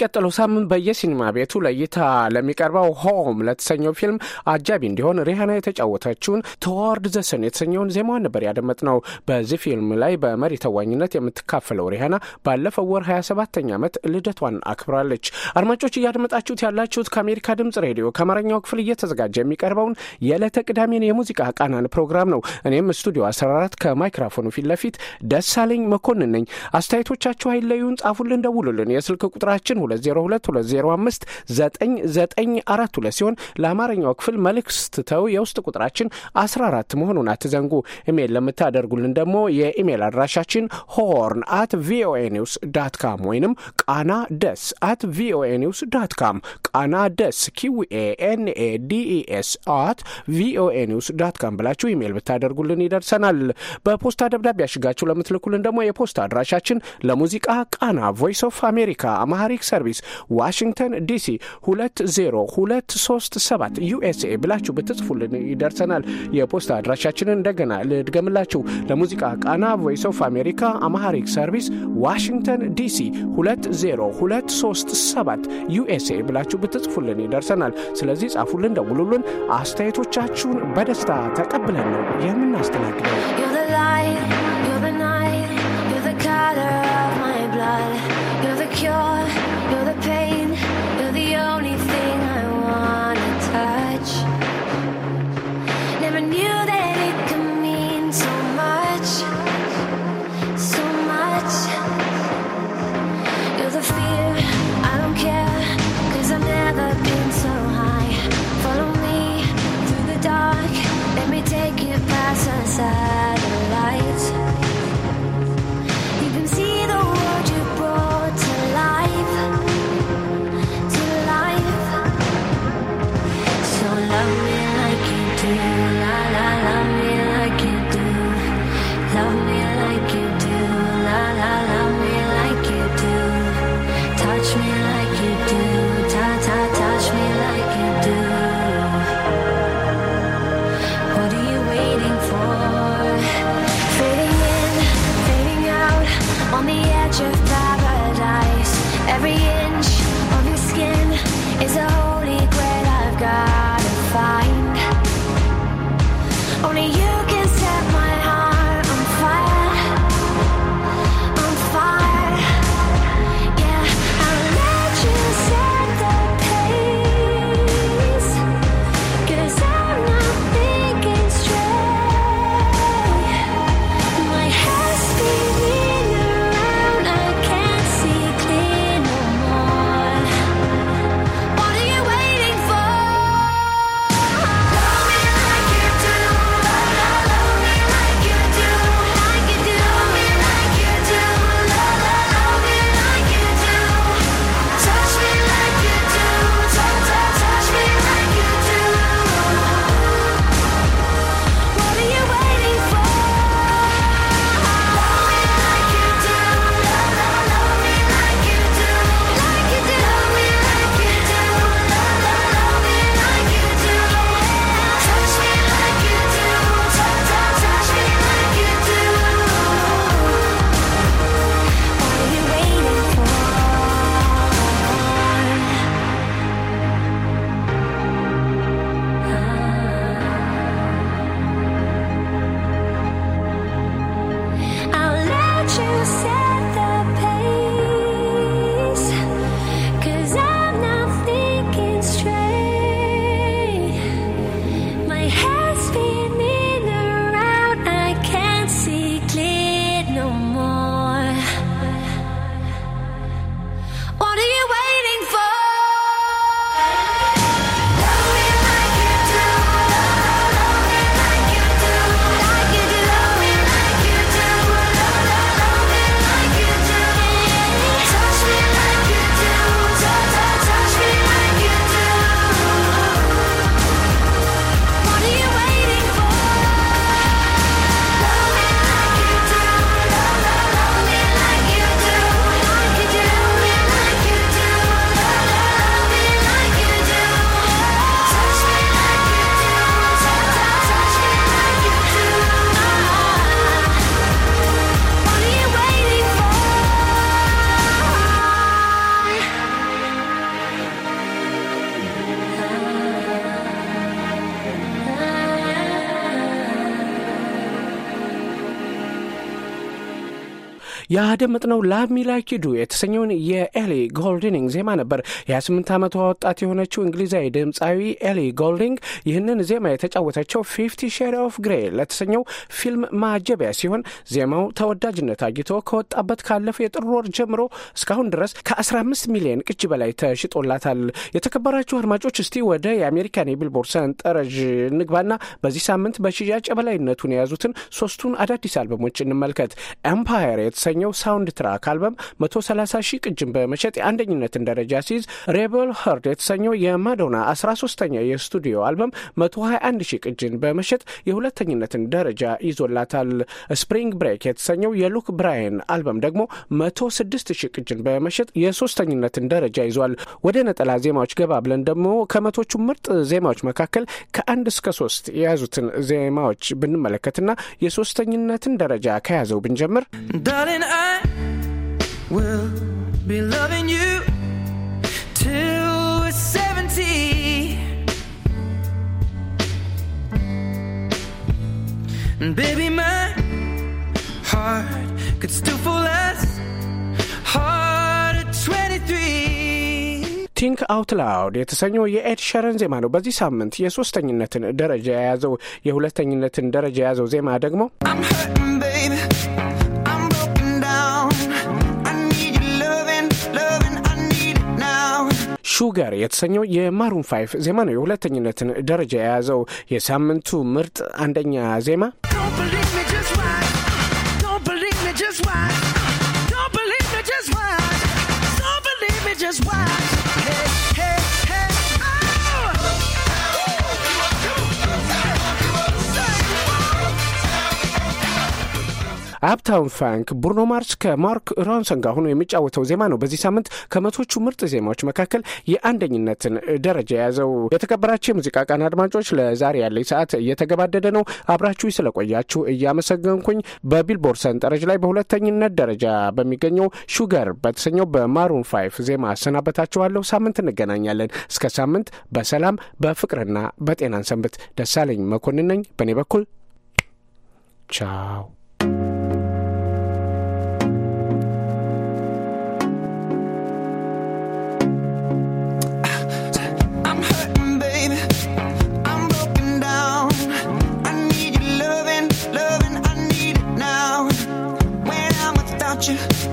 በሚቀጥለው ሳምንት በየሲኒማ ቤቱ ለእይታ ለሚቀርበው ሆም ለተሰኘው ፊልም አጃቢ እንዲሆን ሪሃና የተጫወተችውን ተዋርድ ዘሰን የተሰኘውን ዜማዋን ነበር ነው በዚህ ፊልም ላይ በመሪ ተዋኝነት የምትካፈለው ሪሃና ባለፈው ወር 27ኛ ዓመት ልደቷን አክብራለች። አድማጮች እያደመጣችሁት ያላችሁት ከአሜሪካ ድምጽ ሬዲዮ ከአማርኛው ክፍል እየተዘጋጀ የሚቀርበውን የዕለተ ቅዳሜን የሙዚቃ ቃናን ፕሮግራም ነው። እኔም ስቱዲዮ 14 ከማይክሮፎኑ ፊት ለፊት ደሳለኝ መኮንን ነኝ። አስተያየቶቻችሁ አይለዩን፣ ጻፉልን፣ ደውሉልን። የስልክ ቁጥራችን 202 ሲሆን ለአማርኛው ክፍል መልእክት ስትተው የውስጥ ቁጥራችን 14 መሆኑን አትዘንጉ። ኢሜይል ለምታደርጉልን ደግሞ የኢሜይል አድራሻችን ሆርን አት ቪኦኤ ኒውስ ዳት ካም ወይንም ቃና ደስ አት ቪኦኤ ኒውስ ዳት ካም ቃና ደስ ኪዊኤ ኤንኤ ዲኢኤስ አት ቪኦኤ ኒውስ ዳት ካም ብላችሁ ኢሜይል ብታደርጉልን ይደርሰናል። በፖስታ ደብዳቤ ያሽጋችሁ ለምትልኩልን ደግሞ የፖስታ አድራሻችን ለሙዚቃ ቃና ቮይስ ኦፍ አሜሪካ አማሪክ ሰርቪስ ዋሽንግተን ዲሲ 20237 ዩኤስኤ ብላችሁ ብትጽፉልን ይደርሰናል። የፖስታ አድራሻችንን እንደገና ልድገምላችሁ። ለሙዚቃ ቃና ቮይስ ኦፍ አሜሪካ አማሃሪክ ሰርቪስ ዋሽንግተን ዲሲ 20237 ዩኤስኤ ብላችሁ ብትጽፉልን ይደርሰናል። ስለዚህ ጻፉልን፣ ደውሉልን። አስተያየቶቻችሁን በደስታ ተቀብለን ነው የምናስተናግደው። You're the pain. You're the only thing I wanna touch. Never knew that it could mean so much, so much. You're the fear. I don't care. Cause I've never been so high. Follow me through the dark. Let me take you past the satellite. You can see the world you ያደመጥነው ላቭ ሚ ላይክ ዱ የተሰኘውን የኤሊ ጎልዲንግ ዜማ ነበር። የ28 ዓመቷ ወጣት የሆነችው እንግሊዛዊ ድምፃዊ ኤሊ ጎልዲንግ ይህንን ዜማ የተጫወተችው ፊፍቲ ሼድ ኦፍ ግሬ ለተሰኘው ፊልም ማጀቢያ ሲሆን ዜማው ተወዳጅነት አግኝቶ ከወጣበት ካለፈው የጥር ወር ጀምሮ እስካሁን ድረስ ከ15 ሚሊዮን ቅጅ በላይ ተሽጦላታል። የተከበራችሁ አድማጮች እስቲ ወደ የአሜሪካን የቢልቦርድ ሰንጠረዥ እንግባና በዚህ ሳምንት በሽያጭ በላይነቱን የያዙትን ሶስቱን አዳዲስ አልበሞች እንመልከት። ኤምፓየር የተሰኘው የተሰኘው ሳውንድ ትራክ አልበም 130 ሺህ ቅጅን በመሸጥ የአንደኝነትን ደረጃ ሲይዝ ሬበል ሀርድ የተሰኘው የማዶና 13ተኛ የስቱዲዮ አልበም 121 ሺህ ቅጅን በመሸጥ የሁለተኝነትን ደረጃ ይዞላታል። ስፕሪንግ ብሬክ የተሰኘው የሉክ ብራየን አልበም ደግሞ 106 ሺህ ቅጅን በመሸጥ የሶስተኝነትን ደረጃ ይዟል። ወደ ነጠላ ዜማዎች ገባ ብለን ደግሞ ከመቶቹ ምርጥ ዜማዎች መካከል ከአንድ እስከ ሶስት የያዙትን ዜማዎች ብንመለከትና የሶስተኝነትን ደረጃ ከያዘው ብንጀምር ቲንክ አውት ላውድ የተሰኘው የኤድ ሸረን ዜማ ነው። በዚህ ሳምንት የሶስተኝነትን ደረጃ የያዘው የሁለተኝነትን ደረጃ የያዘው ዜማ ደግሞ ሹገር የተሰኘው የማሩን ፋይፍ ዜማ ነው የሁለተኝነትን ደረጃ የያዘው። የሳምንቱ ምርጥ አንደኛ ዜማ አፕታውን ፋንክ ብሩኖ ማርስ ከማርክ ሮንሰን ጋር ሆኖ የሚጫወተው ዜማ ነው። በዚህ ሳምንት ከመቶቹ ምርጥ ዜማዎች መካከል የአንደኝነትን ደረጃ የያዘው። የተከበራቸው የሙዚቃ ቃን አድማጮች ለዛሬ ያለኝ ሰዓት እየተገባደደ ነው። አብራችሁ ስለቆያችሁ እያመሰገንኩኝ በቢልቦርድ ሰንጠረዥ ላይ በሁለተኝነት ደረጃ በሚገኘው ሹገር በተሰኘው በማሩን ፋይፍ ዜማ አሰናበታችኋለሁ። ሳምንት እንገናኛለን። እስከ ሳምንት በሰላም በፍቅርና በጤናን ሰንብት። ደሳለኝ መኮንን ነኝ። በእኔ በኩል ቻው። about you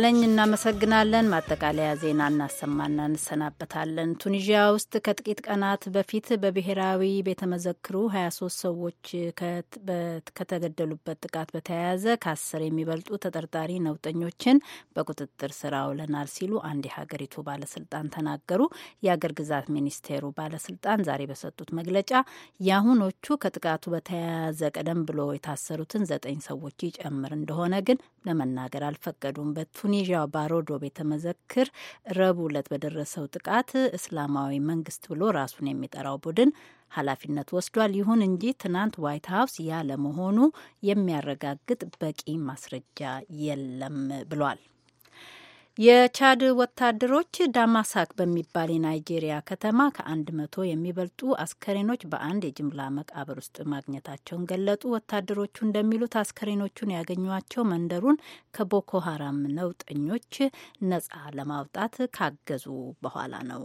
ደሳለኝ እናመሰግናለን። ማጠቃለያ ዜና እናሰማና እንሰናበታለን። ቱኒዥያ ውስጥ ከጥቂት ቀናት በፊት በብሔራዊ ቤተ መዘክሩ 23 ሰዎች ከተገደሉበት ጥቃት በተያያዘ ከአስር የሚበልጡ ተጠርጣሪ ነውጠኞችን በቁጥጥር ስር አውለናል ሲሉ አንድ የሀገሪቱ ባለስልጣን ተናገሩ። የአገር ግዛት ሚኒስቴሩ ባለስልጣን ዛሬ በሰጡት መግለጫ የአሁኖቹ ከጥቃቱ በተያያዘ ቀደም ብሎ የታሰሩትን ዘጠኝ ሰዎች ይጨምር እንደሆነ ግን ለመናገር አልፈቀዱም። በቱኒዥያው ባሮዶ ቤተ መዘክር ረቡዕ ዕለት በደረሰው ጥቃት እስላማዊ መንግስት ብሎ ራሱን የሚጠራው ቡድን ኃላፊነት ወስዷል። ይሁን እንጂ ትናንት ዋይት ሀውስ ያለመሆኑ የሚያረጋግጥ በቂ ማስረጃ የለም ብሏል። የቻድ ወታደሮች ዳማሳክ በሚባል የናይጄሪያ ከተማ ከአንድ መቶ የሚበልጡ አስከሬኖች በአንድ የጅምላ መቃብር ውስጥ ማግኘታቸውን ገለጡ። ወታደሮቹ እንደሚሉት አስከሬኖቹን ያገኟቸው መንደሩን ከቦኮ ሀራም ነውጠኞች ነጻ ለማውጣት ካገዙ በኋላ ነው።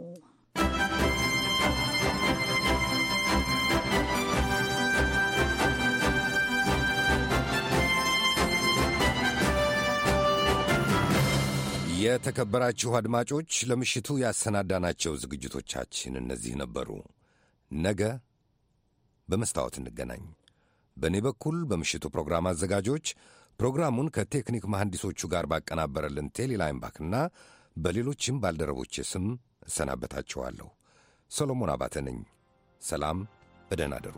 የተከበራችሁ አድማጮች ለምሽቱ ያሰናዳናቸው ዝግጅቶቻችን እነዚህ ነበሩ። ነገ በመስታወት እንገናኝ። በእኔ በኩል በምሽቱ ፕሮግራም አዘጋጆች ፕሮግራሙን ከቴክኒክ መሐንዲሶቹ ጋር ባቀናበረልን ቴሌላይምባክና በሌሎችም ባልደረቦች ስም እሰናበታችኋለሁ። ሰሎሞን አባተ ነኝ። ሰላም፣ በደህና አደሩ።